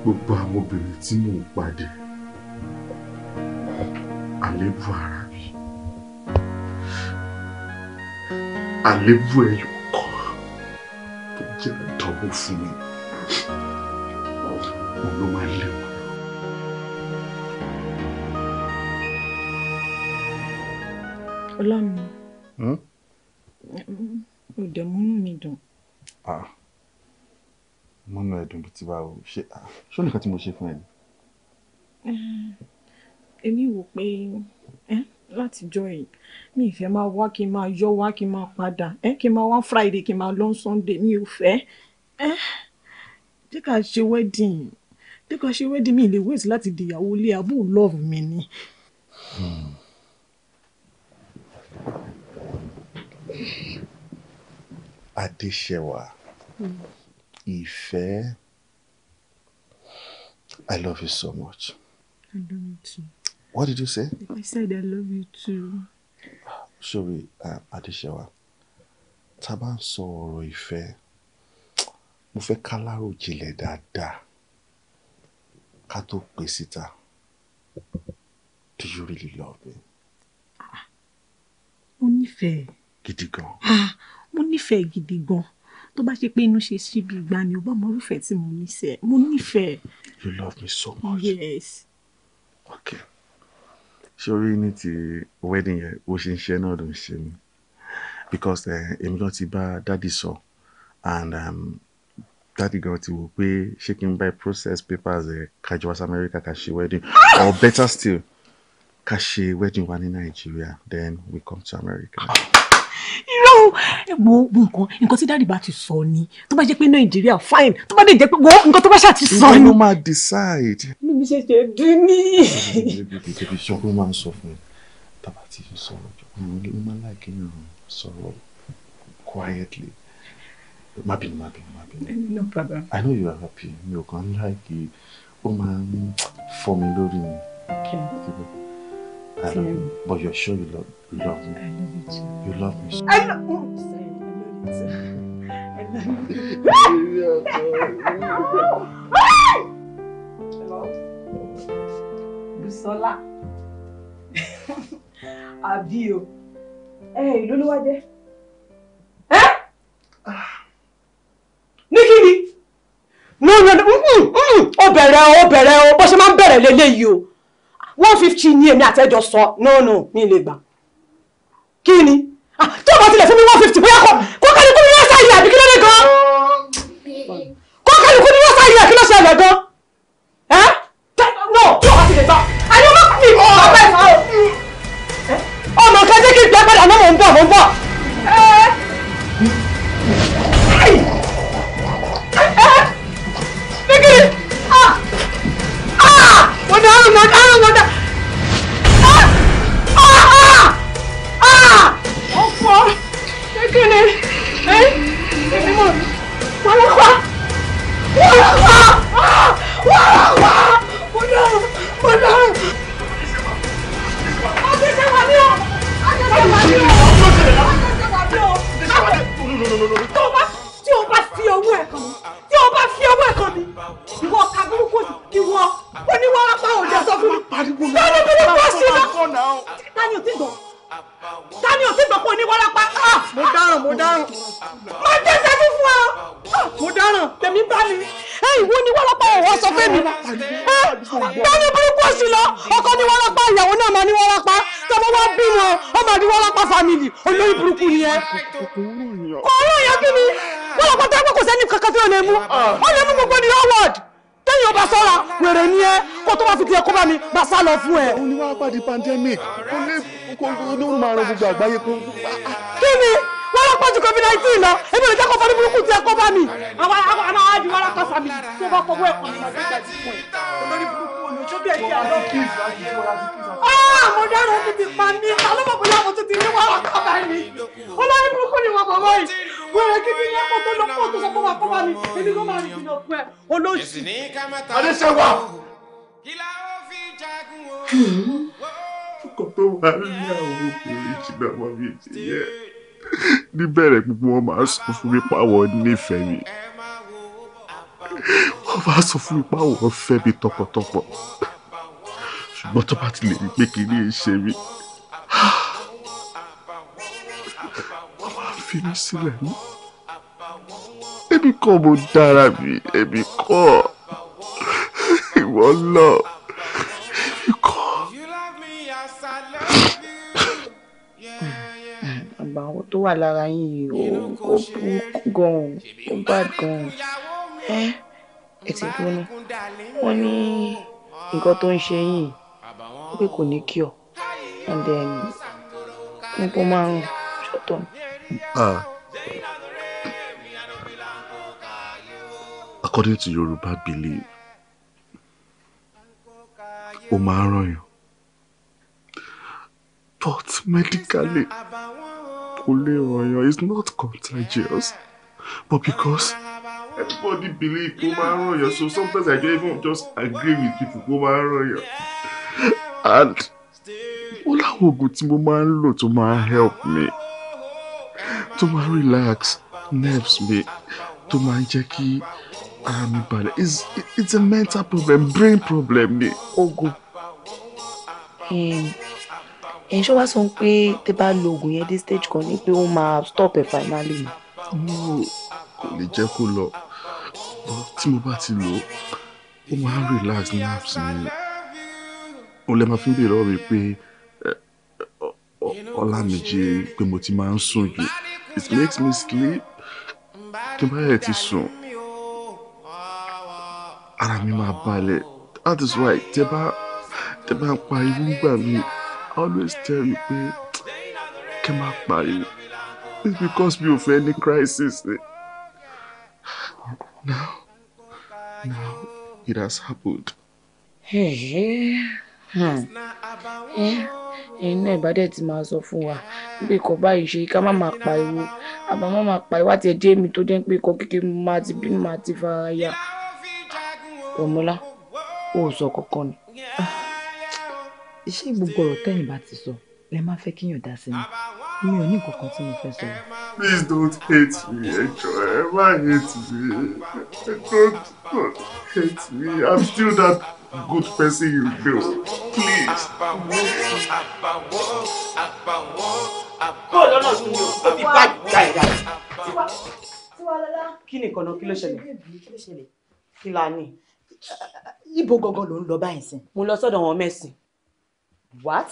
gbogbo àwọn obìnrin tí mò ń pàdé àléébù ara mi àléébù ẹyọ kan tó jẹ́ àdánwò fún mi òun ló máa léwu. ọlámi hmm? ò dẹ̀ múnú mi dùn. múnú ẹ dùn bíi ti báwo ṣé ṣó nìkan tí mo ṣe fún ẹ ni. Eh, èmi wò pé látijọ́ yìí mi ìfẹ́ máa wá kí n máa yọ wá kí n máa padà kí n máa wá friday kí n máa lọ sunday mi ò fẹ́ jẹ́ ká ṣe wedding jẹ́ ká ṣe wedding mi lè wait láti dìyàwó ilé àbúrò love mi ni. Hmm. Adeshewa, mm. Ìfẹ́, I love you so much. I love you too. What did you say? I said I love you too. Sorry, um, Adéṣẹwà, tá a bá ń sọ ọ̀rọ̀ ìfẹ́, mo fẹ́ ká lárò jinlẹ̀ dáadáa ká tó pè síta. Do you really love me? Ah, mo nífẹ̀ẹ́ gidi gan. mo nífẹ̀ẹ́ gidi gan tó bá ṣe pé inú ṣe síbi ìgbà ni o bá tí mo nífẹ̀ẹ́ mo nífẹ̀ẹ́. you love me so much. yes. okay sórí ní ti wedding yẹn bó ṣe ń ṣe náà ló ń ṣe mí because eh, èmi náà ti bá dádì sọ and um, dádì gan ti wò pé ṣé kí n buy process papers ẹ eh, kájọ America ká ṣe wedding ah! or better still ká ṣe wedding wa ní Nigeria. then we come to America. Ah! irọ́ wo nǹkan nǹkan tí dáàdì bá ti sọ ni tó bá jẹ́ pé nàìjíríà fine tó bá dé jẹ́ pé wo nǹkan tó bá ṣáà ti sọ ni. ló máa decide. mi mi ṣẹ̀ṣẹ̀ dín ní. bíbí ṣọ́kú máa ń sọ fún mi tábà tí ń sọ̀rọ̀ jọ̀kọ́ ló máa ń láìké yàn sọ̀rọ̀ quietly má bínú má bínú má bínú. no problem. i know you are happy mi ò kàn ń láìké ó máa ń fọ́ mi lórí mi. okay. I love you. But you're sure you love, you love me? I love you too. You love me so I love oh, sorry. I love you too. I love you. Hello? Busola. Àbí o. Eh, ìlú ló wá jẹ́. Eh? Ní kí ni? No, no, no. Mm-mm, mm-mm. Ó bẹ̀rẹ̀ o, ó bẹ̀rẹ̀ o. Bó ṣe máa ń bẹ̀rẹ̀ leléyìí o one fifty ní èmi àtẹ́jọ́ sọ no no mi lè gbà kí ni ah, tó bá tilẹ̀ fún mi one fifty bóyá kọ kó kálukú ní wọ́n sáyé àbí kí ló dé gan kó kálukú ní wọ́n sáyé àbí kí ló ṣẹlẹ̀ gan ẹ́ eh? no tó bá tilẹ̀ gbà àyè ọmọ mi ọmọ ẹ̀ sọ eh? ọmọ kan jẹ́ kí n gbẹ padà náà mò ń bọ̀ mò ń bọ̀ ẹ́. Ẹ ẹ́ bíkì ah ah ọ̀dà ọ̀dà ọ̀dà. minute. àjọ àgbáyé kó. kí ni wọ́n lọ pọ̀jù covid nineteen lọ èmi ò jẹ́ kó fọdún burúkú tí kó bá mi àwọn àwọn àjù wọn lọ́kọ̀ sàmì tó bá fọwọ́ ẹ̀kọ́ mi máa gbẹ́jà sí fún ẹ olórí burúkú olùjọ́ bí ẹ̀jẹ̀ àlọ́. Ah, mo dára ti ti pa mí alọ́mọ bóyá mo tún ti rí wàhálà kọ́ bá mi olórí burúkú ni wọn bọ̀wọ́ yìí wẹ̀rẹ̀ kí ni ẹ̀kọ́ tó lọ pọ̀ tó sọ fún wa kọ́ bá mi oríṣi náà mọ́ mi ti yẹ níbẹ̀rẹ̀ gbogbo wọn máa sọ fún mi páwọn nífẹ̀ẹ́ mi wọ́n máa sọ fún mi páwọn fẹ́ mi tọkàntọkà ṣùgbọ́n tó bá ti lè rí pé kí ní í ṣe mí wọ́n máa fi mí sílẹ̀ ní èmi kọ́ mo dára mi èmi kọ́ ìwọ náà. àgbà tó wà lára yín yìí ó gan ó bad gan ẹ ẹ ti gbóná wọn ní nǹkan tó ń ṣe yìí ó pé kò ní kí ọ and then nǹkan máa ń ṣọtọ. Ah. According to Yoruba belief ó máa ń ràn yàn but medically kò lè it's not contagious but because everybody believe kó máa so sometimes I don't even just agree with people kó máa and ó láwọn oògùn tí mo máa help me to máa relax nerves me, to máa ń jẹ́ kí ara mi it's it's a mental problem brain problem ni oògùn. Um, ẹ̀yin ṣọ́ wá sọ pé tẹ bá lo oògùn yẹn dé stage kan ni pé ó máa stop ẹ̀ finally. mo kò lè jẹ́ kó lọ tí mo bá ti lò ó máa ń relax ní apps mi ó lè máa fi ń bèrè ọ̀rọ̀ mi pé ọ̀la méje pé mo ti máa ń sùn jù it makes me sleep tí bá yẹ ti sùn ara mi máa balẹ̀ that is why tẹ bá tẹ bá ń pa irú gbà always tell you pé kẹ́ máa pariwo it's because mi ò fẹ́ ní crisis ni now now it has happened. ẹ̀yin náà ìbádẹ́ ti máa sọ fún wa pé kò báyìí ṣe ká má máa pariwo àbá má máa pariwo àti ẹ̀jẹ̀ mi tó jẹ́ pé kọ́ kékeré máa ti bínú máa ti fara ya ọmọlá ó sọ kọ́kọ́ ni. Ah ṣé gbogbo ọ̀rọ̀ tẹ́yìn bá ti sọ lẹ máa fẹ́ kíyàn dá sí mi mi ò ní nǹkan kan tí mo fẹ́ sọ. please don't hate me ẹjọ ẹ má hate me don't don't hate me i'm still that good person you know please. bóòlù náà tún yóò ó ti bá gàìgà. tiwalala. kí ni kànáà kí ló ṣẹlẹ̀ kí la ní. ibo gangan ló ń lọ báyìí sí. mo lọ sọ́dọ̀ wọn mẹ́sìn what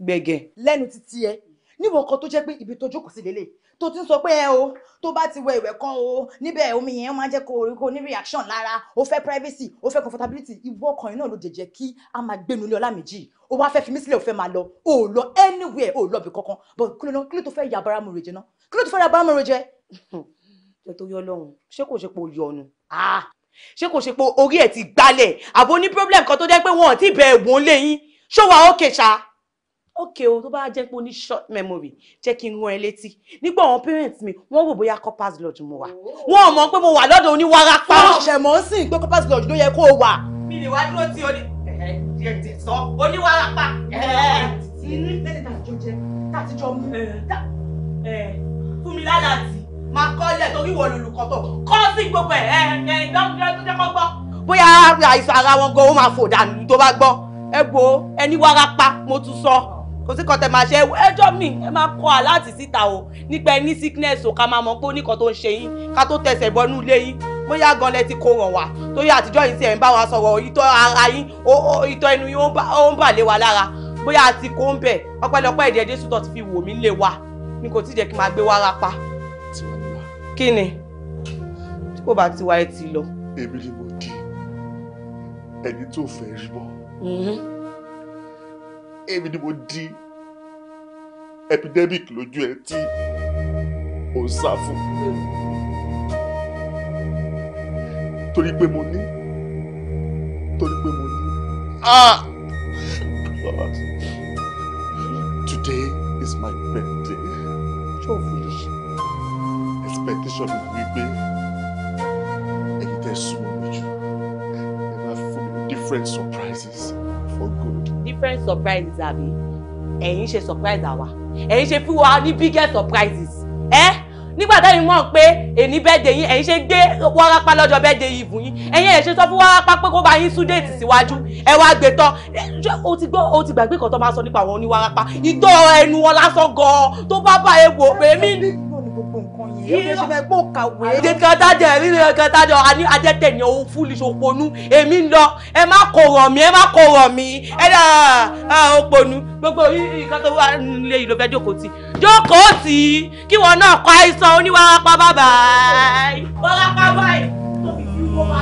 gbẹ̀gẹ̀ lẹ́nu títí ẹ níwọ̀n kan tó jẹ́ pé ibi tó jókòó sí lélẹ̀ tó ti ń sọ pé ẹ o tó bá ti wẹ ìwẹ̀ kan o níbẹ̀ omi yẹn máa jẹ́ kó orí kó ní reaction lára o fẹ́ privacy o fẹ́ comfortability ìwọ ọkàn yìí náà ló jẹjẹ kí a máa gbénu ilé ọlá méjì o wá fẹ́ fi mí sílẹ̀ o fẹ́ máa lọ o lọ anywhere o lọ bí kankan but kí ló kí ló tó fẹ́ ya abara mu rèjẹ náà kí ló tó fẹ́ ra abara mu rèjẹ. ṣé tó yọ lọ́hùn ṣé kò ṣe pé o yọ ọ̀nù ah! ṣé kò ṣe pé orí ẹ̀ ti gbalẹ̀ àbò ní problem kan tó jẹ́ pé wọn ò tí ì bẹ̀ ẹ̀wọ̀n lẹ́yìn ṣó wà ókè ṣá ókè o tó bá jẹ́ pé o ní short memory jẹ́ kí n rán ẹ létí nígbà àwọn parents mi wọ́n wò bóyá corpus lodge mo wà oh. wọ́n mọ̀ pé mo wà lọ́dọ̀ oníwárapá ọ̀ṣẹ̀ mọ̀ ń sìn pé corpus lodge ló yẹ kó o wà. mi lè wá dúró tí oní sọ oníwárapá. fún mi lálàtì máa kọ́lẹ̀ torí wọ̀ lolùkọ́ tó kọ́ sí gbogbo ẹ̀ ẹ̀ ẹ̀ dọ́kítọ́ tó jẹ́ kọ́ gbọ́. bóyá àìsàn ara wọn gan ó máa fò dànù tó bá gbọ́ ẹ gbọ́ ẹni wárápá mo tún sọ kò sí kan tẹ máa ṣe ẹjọ́ mi ẹ máa kọ́ à láti síta o nípa ẹni sickness o ká máa mọ̀ pé ó nìkan tó ń ṣe yín ká tó tẹsẹ̀ bọ́ inú ilé yín bóyá gan lẹ ti kó ràn wá torí àtijọ́ yìí tí ẹ̀ ń bá wa sọ̀rọ̀ ìtọ́ ara yín ìtọ́ ẹnu yín ó ń bà lé wa lára bóyá àti kó ń bẹ̀ ọpẹ́lọpẹ́ ìdí ẹdí sùtọ̀ ti fi wò mí lé wa ni kò tí jẹ́ kí n máa gbé wára pa. kí ni tí kò bá ti wá ẹ ti lọ. èmi ni mo di ẹni tó fẹ́ rí mọ́. Mhm. èmi ni mo di epidemic lójú ẹ tí ò ń sá fún torí pé mo ní torí pé mo ní ah today is my birthday ṣé o foolish expectation mi wípé èyí tẹ sùn different surprises for good. different surprises àbí ẹ̀yin ṣe surprise àwa ẹ̀yin ṣe fún wa ní biggest surprises Eh? nígbà táyì mọ̀ pé èní birthday yín ẹ̀yin ṣe gbé wárápá lọ́jọ́ birthday yìí fún yín ẹ̀yin ẹ̀ ṣe sọ fún wárápá pé kó bá yín sún déètì síwájú ẹ wá gbé tán o ti gbọ́ o ti gbàgbé kan tó máa sọ nípa àwọn oníwárápá ìtọ́ ẹnu wọn lásán gan-an tó bá bá ewu èmi ni èmi ṣe fẹ́ gbó kàwé. àdékan tájà ẹ̀rí rẹ̀ kan èmi ń lọ ẹ má kò rọ̀ mí ẹ má kò rọ̀ mí ẹ dà òpònú gbogbo ìkan tó wà nílé yìí ló fẹ́ jókòó tì jókòó tì kí wọn náà kọ àìsàn oníwàrápá bàbá yìí wàrápá báyìí tó fi kú kó wá.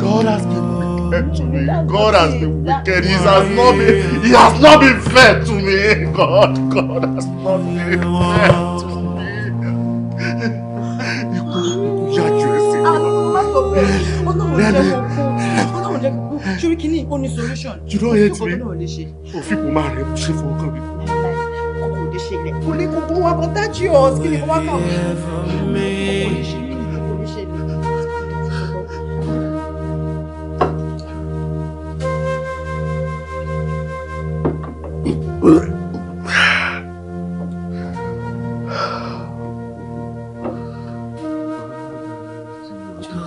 God has given fair to me. God has been wicked. He has not been. He has not been fair to me. God, God has not been fair to me. You Ikú yá ju ẹsẹ̀ lọ. Rẹ́mi. Ṣorí kìíní ó ní solution. You don't hate me. Òfin kò máa rẹ̀ ṣe fún ọkàn mi. Kò lè ṣe ilẹ̀. Kò lè kó wá kan dájú ọ̀ sí kí ni kó wá kàn mí. Oh. What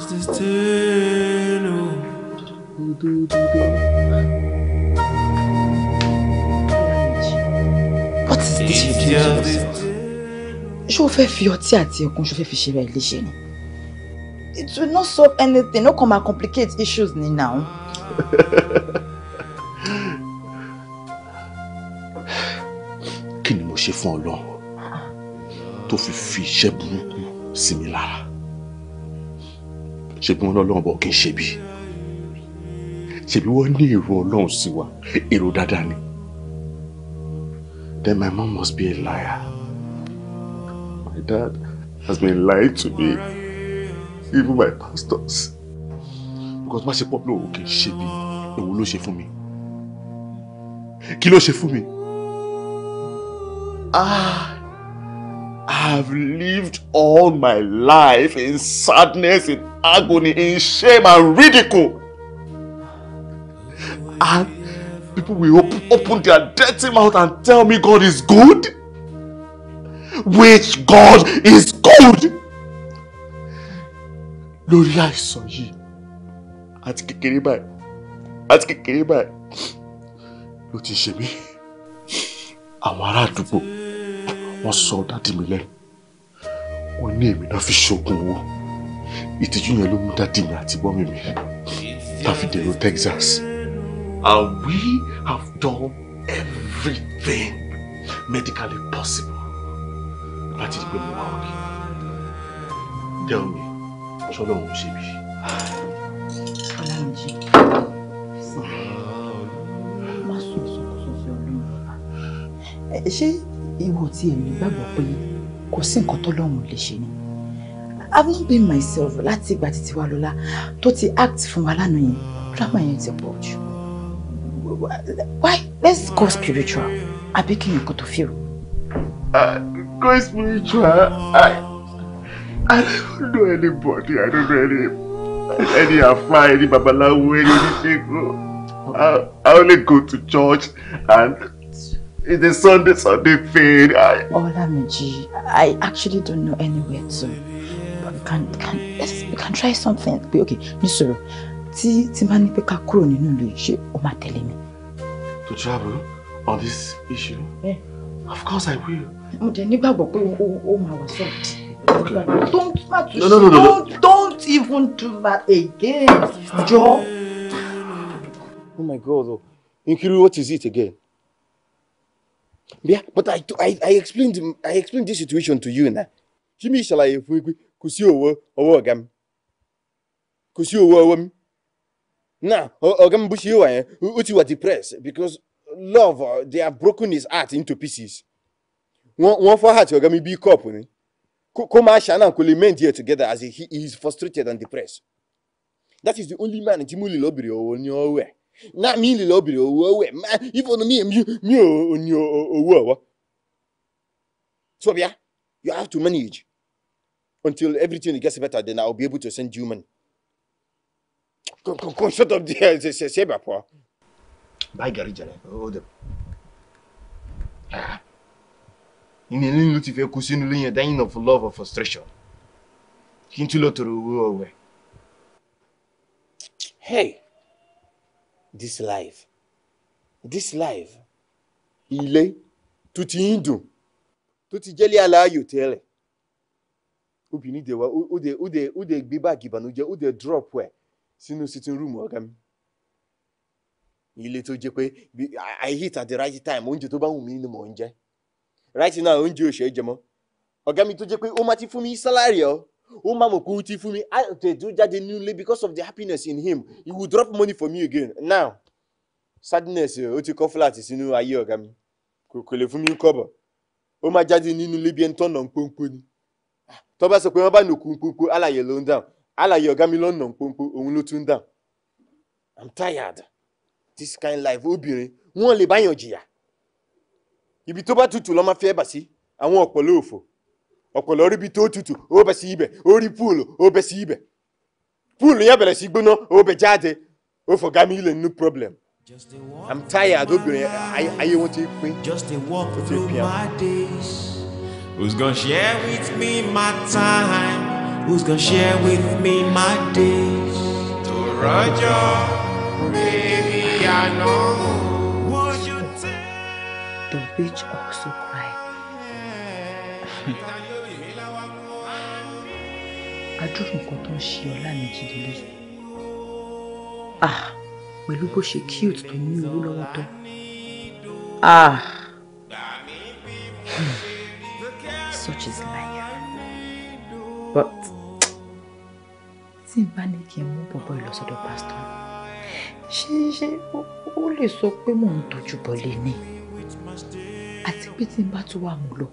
is this you ṣé o fẹ́ fi ọtí àti ẹkún ṣe o fẹ́ fi ṣe rẹ léṣe ni. it will not solve anything no come and complicate issues ni now. ṣe fún ọlọ́run tó fi fi iṣẹ́ burúkú sí mi lára ṣebí wọn lọ́lọ́run bọ̀ kí n ṣe bí ṣebí wọ́n ní èrò ọlọ́run sí wa èrò dáadáa ni then my mom must be a liar my dad has been lying to me even my pastors because má ṣe pọ́ lóòrùn kì í ṣe bí èwo ló ṣe fún mi kí ló ṣe fún mi. Ah, I have lived all my life in sadness, in agony, in shame and ridicule. And people will op open their dirty mouth and tell me God is good. Which God is good. Lórí àìsàn yìí àti kékeré báyìí àti kékeré báyìí ló ti ṣe mí àwọn ará àdúgbò wọ́n sọ dádì mi lẹ́nu wọ́n ní èmi náà fi ṣoògùn owó ìtìjú yẹn ló mú dádì mi àti bọ́mì mi láfi Texas and we have done everything medically possible láti di pé mo wá òkè tell me sọ́dọ̀ òun ṣe bí. ọlọ́run jí sọ. Eh, ṣé ìwọ tí èmi gbàgbọ́ pé kò sí nǹkan tọ́lọ́run lè ṣe ni i've not been myself láti ìgbà títí wa lọ́la tó ti act fún wa lánàá yẹn drama yẹn ti pọ̀ jù why let's go spiritual àbí kí nǹkan tó fi rò. Ah, go spiritual i i don't know anybody i don't know any any afa any babaláwo any oníṣègùn i only go to church and. It's a Sunday, Sunday fade. I... Olamaji, I actually don't know anywhere to. But we can, we can, let's, we can try something. But okay, Nisoro, tí tí máa ní pé ká kúrò nínú ìlú yìí, ṣé To travel on this issue? Yeah. Of course I will. Mo dẹ̀ nígbàgbọ́ pé o máa wà sọ́ọ̀tì. Don't, Matushi, no, no, no, no, don't, don't even do that again, Joe. Oh my God, oh. Nkiru, what is it again? bịa but I, I, I explained I explained this situation to you now. Jimmy, shall I if we sí owó owó ọ̀gá mi kò sí owó owó mi na ọ̀gá mi bó ṣe depressed because love uh, they have broken his heart into pieces One wọ́n fọ́ heart ọ̀gá mi bí cup ni kó máa ṣàánà kò lè mend here together as he, he is frustrated and depressed that is the only man Jimmy mo lè lọ bèrè owó ní na mi lè lọ bèrè owó ọwọ́ ẹ̀ má ìfọ̀nà mi mi ò ní owó ọwọ́. So yeah, you have to manage until everything gets better then I'll be able to send you money. Come, come, shut up there. Say, say, say, Papa. Bye, Gary Jare. Hold up. Ah. Ìní ilé ló ti fẹ́ kú sínú lẹ́yìn dying of love or frustration. Kí n tún lọ tọrọ owó ọ̀wẹ́. Hey! this life this life ilé tó ti ń dùn tó ti jẹ́lé aláàyò tẹ́lẹ̀ obìnrin ụdị drop sinu sitting room mi ilé tó pé i hit at the right time oúnjẹ tó bá wù mí right now oúnjẹ ò ṣe é jẹ mọ́ ọ̀gá mi tó jẹ́ pé ó má ti fún mi ó máa mọ̀ pé ó ti fún mi á tẹ̀dú jáde nínú because of the happiness in him he will drop money for me again now sadness eh, ó ti kọ́ fúláàtì sínú ayé ọ̀gá mi kò kò lè fún mi kọ́bọ̀ ó máa jáde nínú ilé bí ẹni tọ́nà ń pọ́npọ́ ni tó bá sọ pé wọ́n bá nù kún pọ́npọ́ alàyè ló ń dàn alàyè ọ̀gá mi lọ́nà ń pọ́npọ́ òun ló tún dàn i'm tired this kind life obìnrin wọn lè báyàn jìyà ibi tó bá tutù lọ́ máa fẹ́ bà sí àwọn ọ̀pọ̀ lóòfò ọ̀pọ̀lọ́ ríbi tó tutù ó bẹ̀ sí ibẹ̀ ó púùlù ó bẹ̀ sí ibẹ̀ púùlù yẹn bẹ̀rẹ̀ sí gbóná ó bẹ̀ jáde ó fọ̀gá mi ilẹ̀ nínú problem i'm tired obìnrin ayé wọn ti pín ó ti pín am. Who's gonna share with me my time? Who's gonna share with me my days? To Roger, baby, I know. the reach of àdúrà nǹkan tó ń ṣe Ọlámìjídé lẹ́yìn ah pẹ̀lú bó ṣe cute tó ní owó lọ́wọ́ tó ah hmm. such is life but tí n bá ní kí n mú bọ̀bọ̀ ìlọsọ́dọ̀ pásítọ̀ ṣé ṣé ó lè sọ pé mò ń dojú bọ̀lẹ̀ ni àti pé tí n bá tún wà mú lọ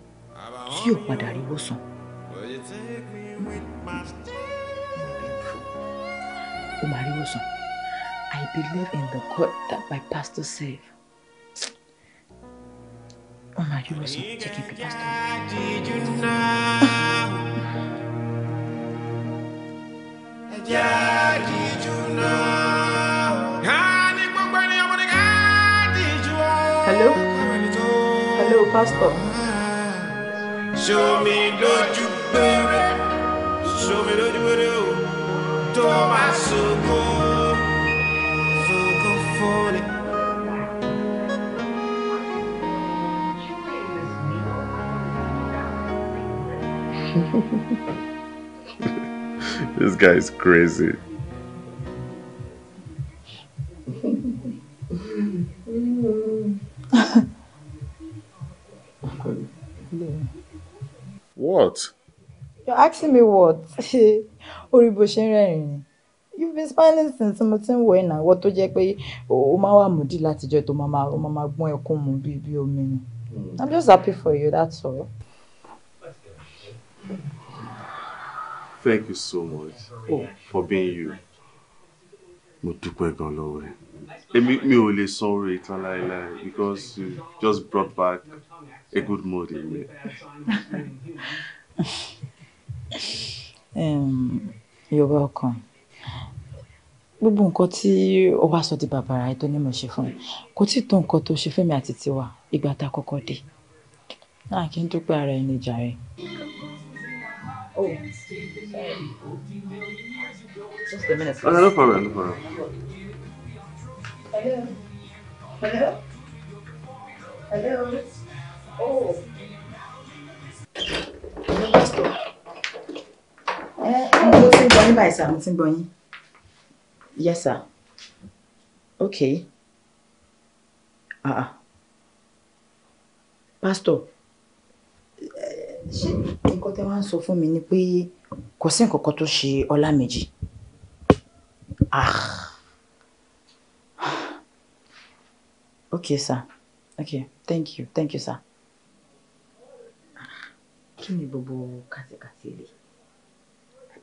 tí ò padà rí wọ́sàn ó máa I believe in the God that my pastor serve ó máa rí ìwòsàn jẹ́ pastor. Hello? Hello, Pastor. Show me, don't Show me, don't this guy is crazy. what? You're asking me what? orí bó ṣe ń rẹ́rìn ni you been smiling since mo ti ń wọ ẹ̀nà àwọ̀ tó jẹ́ pé o máa wà múdí látijọ́ tó máa máa máa gbọ́n ẹkún mu bíi bíi omi ni mm. i'm just happy for you that's all. thank you so much oh. for being you mo dúpẹ́ gan lọ́wọ́ ẹ̀ èmi mi ò lè sọ orí ìtàn láéláé because you just brought back a good mood in me. um, you're welcome gbogbo nǹkan tí ó wá sọ di bàbàrà ẹ tó ní mo ṣe fún mi kò tí tó nǹkan tó ṣe fẹ́mi àti tiwa ìgbà tá a kọ́kọ́ dé náà kí n dúpẹ́ ara ẹni jàre. ọ̀rẹ́ Hello. Hello. Oh. Hello, Pastor yes sir okay ah, ah. pastor ṣé nǹkan tẹ́ wá ń sọ fún mi ni pé kò sí nǹkan kan tó ṣe Ọlámẹ́jì ah okay sir okay thank you thank you sir ah. kí ni gbogbo kàtìkàtì rèé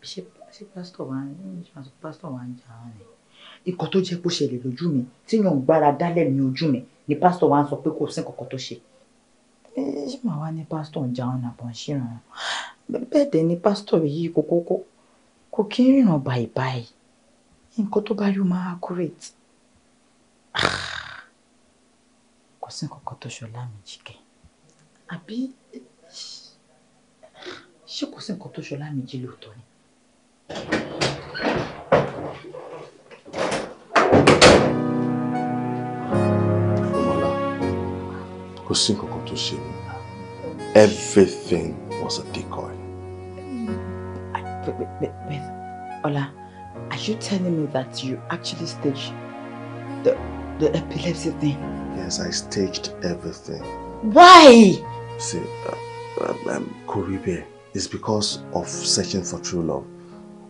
ṣé pásítọ̀ wa ń ṣe pásítọ̀ wa ń jà á ni. ikọ̀ tó jẹ́ kó ṣẹlẹ̀ lójú mi tí yàn ń gbára dálẹ̀ ní ojú mi ni pásítọ̀ wa ń sọ pé kò sí nǹkan kan tó ṣe. ẹ ṣé màá wá ní pásítọ̀ ń jà á nàbọ̀ ń ṣìrànà bẹ́ẹ̀ dẹ̀ ni pásítọ̀ yìí kò kókó kò kí ń ríran báyìí nǹkan tó bá yóò máa accurate kò sí nǹkan kan tó ṣọlá mi jìkẹ́ àbí ṣé kò sí nǹkan tó ṣọlá mi jí lóòótọ́ ni kò sí nǹkan kan tó ṣe everything was a decoy. Ben, Ola, are you telling me that you actually staged the, the epilepsy thing? Yes, I staged everything. Why? See, uh, um, um Kuribe, it's because of searching for true love.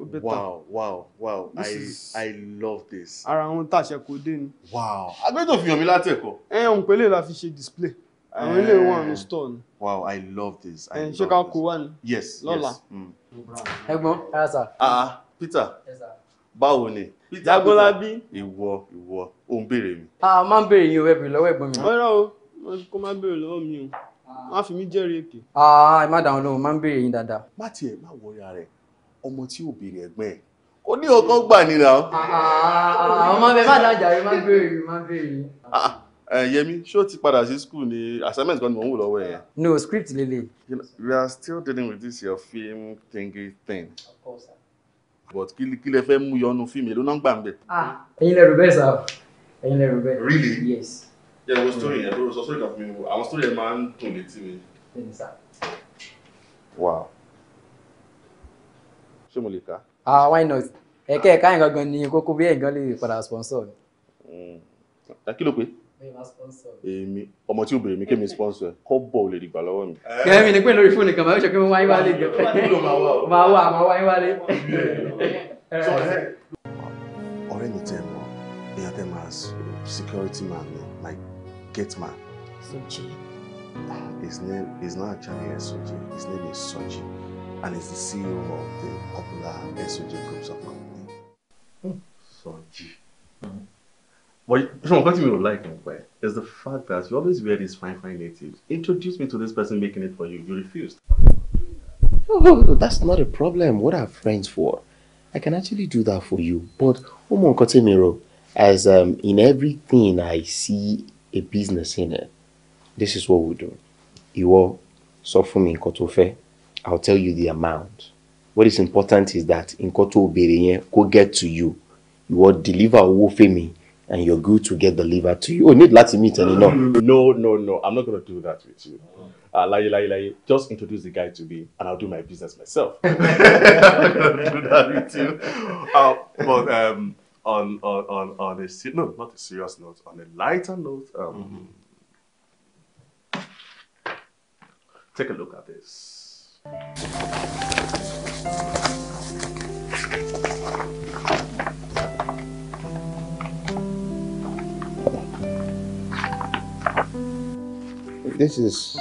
ó wow wow wow this i is... i love this. ara wọn tàṣẹ kò dé ni. wow agbẹ́jọ́ fi hàn mí látẹ̀kọ́. ẹ òun pẹ̀lẹ́ la fi ṣe display àwọn ilé eh. wọn ní store ni. wow i love this i eh, love this. ṣé ká kó wá ni. yes Lola. Mm. ẹ̀gbọ́n ẹ sà. ah, ah peter báwo ni. jagunlabi. ìwọ ìwọ ò ń béèrè mi. Ah, a máa ń béèrè yín o ẹ béèrè lọ́wọ́ ẹ̀gbọ́n mi. ọ̀rọ̀ o kó má béèrè lọ́wọ́ mi o wọ́n á fi mí jẹ́rìí èké. Ah, ẹ má dàwọn lóhùn máa ń béèrè yín dáadáa. má tiẹ̀ má wọrí ara rẹ̀ ọmọ tí ò béèrè ẹ̀gbọ́n ẹ̀ ó ní ọkọ gbà nínú àwọn. Ah, ah, ah, ọmọ bẹẹ má dájà rí má béèrè má béèrè. Eh, Yẹmi ṣó ti padà sí school ni assignment kan ni mò ń wò lọ́wọ́ ẹ̀. no script lele. we are still dealing with this your film thingy thing. of course. but kí lẹ fẹ́ mú yọnu fíìmù èlò náà gbà ń bẹ̀. ẹ̀yin lẹ rò bẹ́ẹ̀ sá ẹ̀yin lẹ rò bẹ́ẹ̀. really yes. yẹ wo story yẹn tó sọ story kan fún mi wo àwọn story yẹn máa ń dùn létí mi. wow ṣé mo lè ká. ah why not ẹ̀kẹ́ ẹ̀ka yẹn gangan ni kókó bí ẹ̀gán lè padà sponsor mi. Hmm. kí ló pé èmi ọmọ tí ó bèrè mi kémi sponsor ẹ kọ́bọ̀ ò lè dìgbà lọ́wọ́ mi. kẹ́mi ni pé lórí fóònù kan máa ń sọ pé mo wáyé wálé gan. máa wà máa wáyé wálé. ọ̀rẹ́ mi tẹ́ mọ́ èèyàn tẹ́ máa security man ni my gate man. Soji. His name is not actually Soji, his name is Soji. and is the CEO of the popular SOJ Groups of Company. Mm. Soji. Mm. But you know, what you would like him is the fact that you always wear these fine, fine natives. Introduce me to this person making it for you. You refused. Oh, that's not a problem. What are friends for? I can actually do that for you. But Omo Kotemiro, as um, in everything I see a business in it, eh, this is what we do. Ìwọ sọ fún mi I'll tell you the amount. What is important is that in Koto béèrè yẹn get to you. You will deliver owó me and your goods will get delivered to you. We need láti meat, and no. No, no, no, I'm not gonna do that with you. Uh, láyé láyé just introduce the guy to me and I'll do my business myself. I'm not gonna do that with you. Uh, but um, on, on, on, on a, no, not a serious note, on a lighter note, um, mm-hmm. take a look at this. This is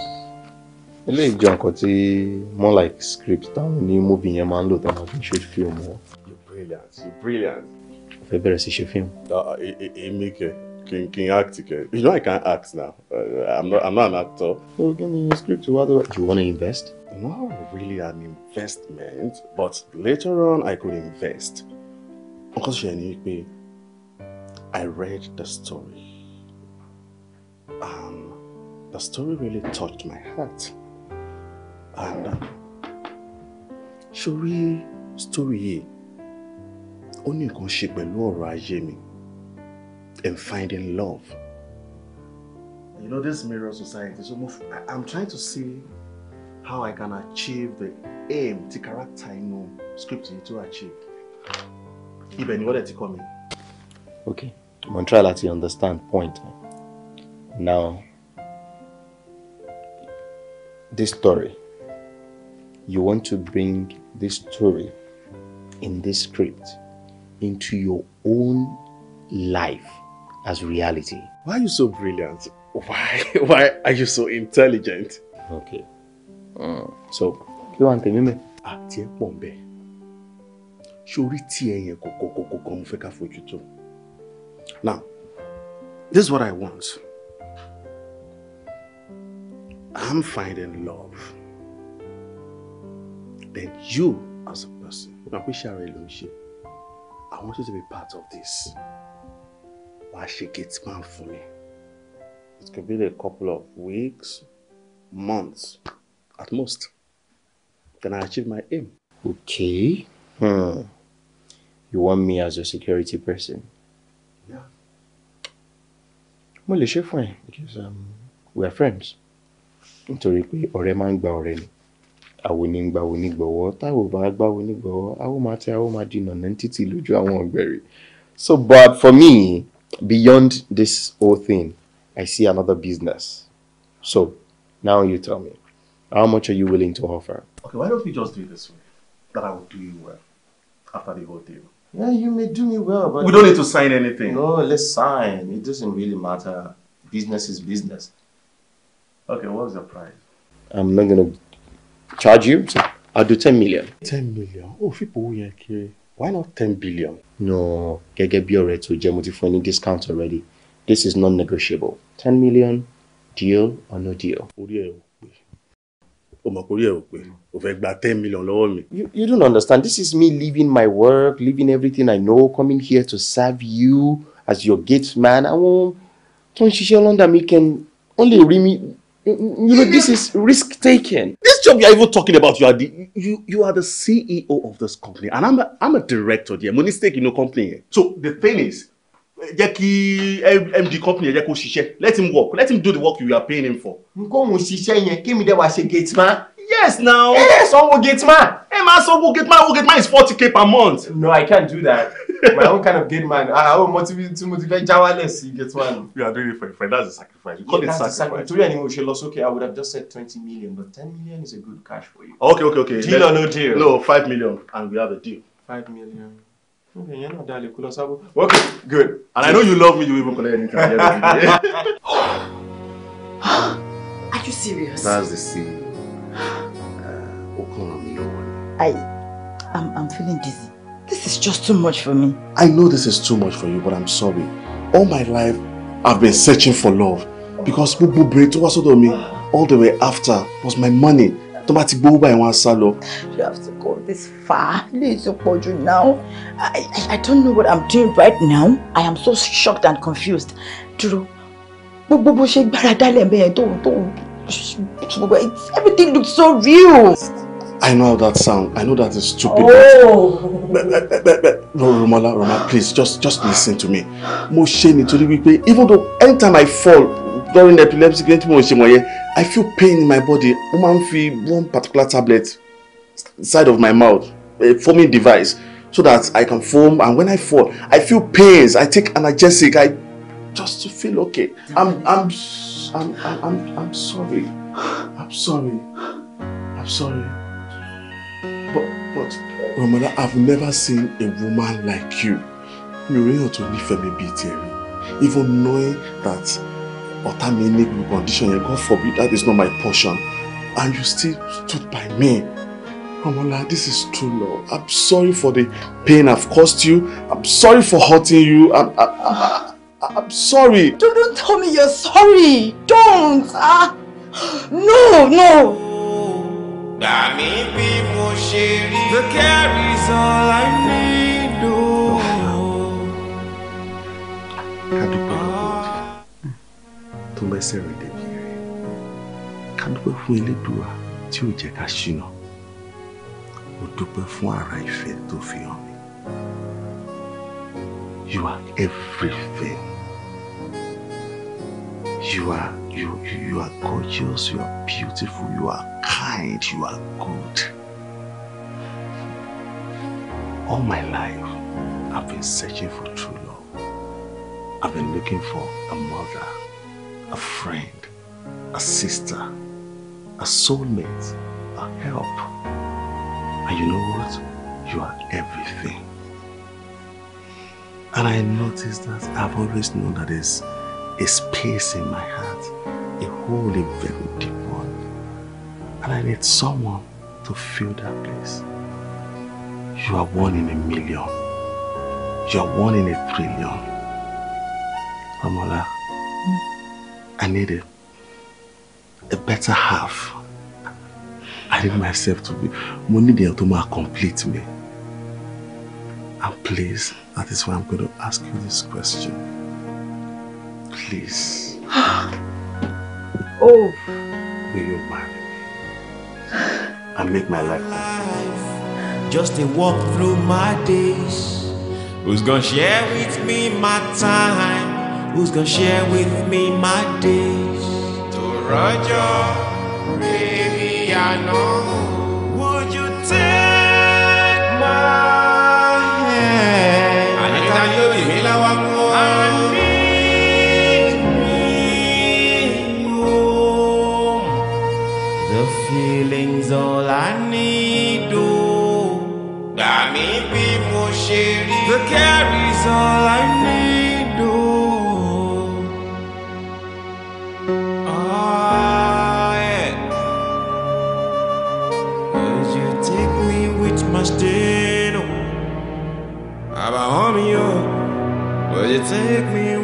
eléyìí jọ nǹkan tí more like script táwọn ní movie yẹn máa ń lò tí wọ́n fi ṣe fíìmù wọn. You're brilliant. You're brilliant. Mo fẹ́ bẹ̀rẹ̀ sí ṣe fíìmù. Uh, uh, e, e, èmi kẹ̀ kí n kí n act kẹ̀ you know I can't act now uh, I'm not I'm not an actor. Ó kí ni script wa tó Do you wanna invest? not really an investment, but later on I could invest. Uncle Sheni, I read the story. Um, the story really touched my heart. And uh, story Only go ní nǹkan ṣe pẹ̀lú and finding love. You know this mirror society so mo, I, I'm trying to see how I can achieve the aim, the character I know script to achieve. Even what did you call me? Okay. I'm you understand point. Now, this story, you want to bring this story in this script into your own life as reality. Why are you so brilliant? Why, why are you so intelligent? Okay. so kí wàá tèmi mẹ́. àti ẹ pọ̀ nbẹ sórí tí ẹ yẹn kọ̀kọ̀kọ̀kọ̀ mo fẹ́ ká fojú tó now this is what I want I'm finding love then you as a person na pé ṣàrẹ ló ń ṣe I want you to be part of this wàá ṣe gate man fún mi it could be a couple of weeks months at most. Can I achieve my aim? Okay. Hmm. You want me as your security person? Yeah. Mo lè ṣe because um, we are friends. Nítorí pé ọ̀rẹ́ máa ń gba ọ̀rẹ́ ni. Àwo ni ń gba wo ní gbọ̀wọ́. Táwo bá gbá wo ní gbọ̀wọ́. Àwo máa tẹ àwo máa dìnà ní títì lójú àwọn ọ̀gbẹ̀rì. So but for me, beyond this whole thing, I see another business. So now you tell me. How much are you willing to offer? Okay, why don't we just do it this way? That I will do you well after the whole deal. Yeah, you may do me well, but we don't need to sign anything. No, let's sign. It doesn't really matter. Business is business. Okay, what's the price? I'm not gonna charge you. So I'll do ten million. Ten million? Oh, people here Why not ten billion? No, gẹ́gẹ́ get ọ̀rẹ́ tó jẹ́ for any fún discount already. This is non-negotiable. Ten million, deal or no deal. Orí mọ̀ kórìí ẹ̀ pé o fẹ́ gba ten million lọ́wọ́ mi. you you don't understand this is me leaving my work leaving everything I know coming here to serve you as your gate man àwọn tó ń ṣiṣẹ́ London mi can only rí mi you know this is risk taking. this job you are even talking about you are the you you are the CEO of this company and I'm a I'm a director there mo ní stake in no company yẹn so the thing is jẹ́ kí md company jẹ́ kó ṣiṣẹ́ let him work let him do the work you are paying him for. nkóhun ṣiṣẹ́ yẹn kémi dẹ́ wá ṣe gate man. yes now. ẹ ẹ sanwó gate man. ẹ máa sanwó gate man owó gate man is forty k per month. no i can't do that my own kind of gate man ah o oh, motivate, motivate, ti mo ti fẹ́ gate man. you are doing it for your friend that's a sacrifice you call yeah, it sacrifice. torí ẹni mo ṣe lọ sókè i would have just said twenty million but ten million is a good cash for you. okay okay okay deal or no deal. no five million and we have a deal. five million. Okay, you're not that cool, Sabo. Okay, good. And I know you love me, you even collect anything. Are you serious? That's the scene. Uh, I, I'm, I'm feeling dizzy. This is just too much for me. I know this is too much for you, but I'm sorry. All my life, I've been searching for love because gbogbo brain tó wá sọ́dọ̀ mi all the way after was my money tó bá ti gbowó báyìí wọ́n á sá lọ. you have to go this far Please tó pọ̀ jù now I, I, I don't know what I'm doing right now I am so shocked and confused dúró gbogbo bó ṣe gbára dálẹ̀ mẹ́yẹn tó tó gbogbo everything looks so real. I know that sound. I know that is stupid. Oh. But, but, but, Romola, Romola, please, just, just listen to me. Mo ṣe nítorí wípé, even though anytime I fall, during epilepsy kí ni tí mo ṣe wọ̀nyẹn i feel pain in my body mo máa ń fi one particular tablet side of my mouth a foaming device so that i can foam and when i fall i feel pains i take analgesic i just to feel okay i'm i'm i'm i'm i'm, I'm sorry i'm sorry i'm sorry but but Romola i've never seen a woman like you mi ò ríyàn tó nífẹ̀ẹ́ mi bíi tẹ̀rí even knowing that ọ̀tá mi ní gbogbo condition yẹn God forbid that is not my portion and you still stood by me. Amola, this is too love. I'm sorry for the pain I've caused you. I'm sorry for hurting you. I'm, I, I, I, I'm sorry. Don't, don't tell me you're sorry. Don't. Ah. No, no. The care is all I need. Oh. Kàdúpẹ́ tó mẹ́sẹ̀ rẹ̀ débi rẹ̀ ká dúpẹ́ fún elédùà tí ò jẹ́ ká ṣìnà mo dúpẹ́ fún ara ìfẹ́ tó fi hàn mí you are everything you are you you are gorgeous you are beautiful you are kind you are good all my life I've been searching for true love I've been looking for a mother a friend, a sister, a soulmate, a help. And you know what? You are everything. And I noticed that I've always known that there's a space in my heart, a holy, very deep one. And I need someone to fill that place. You are one in a million. You are one in a trillion. Amala. mm. I need a, a better half. I need myself to be. Mo need èèyàn tó máa complete me. And please, that is why I'm going to ask you this question. Please. oh. Will you marry me? And make my life complete. Just a walk through my days. Who's gonna share with me my time? Who's gonna share with me my days? To Roger, baby, I know. Would you take my hand? I need that you give me love I need me The feeling's all I need, oh. That me be more shady. The carry's all I need. Take me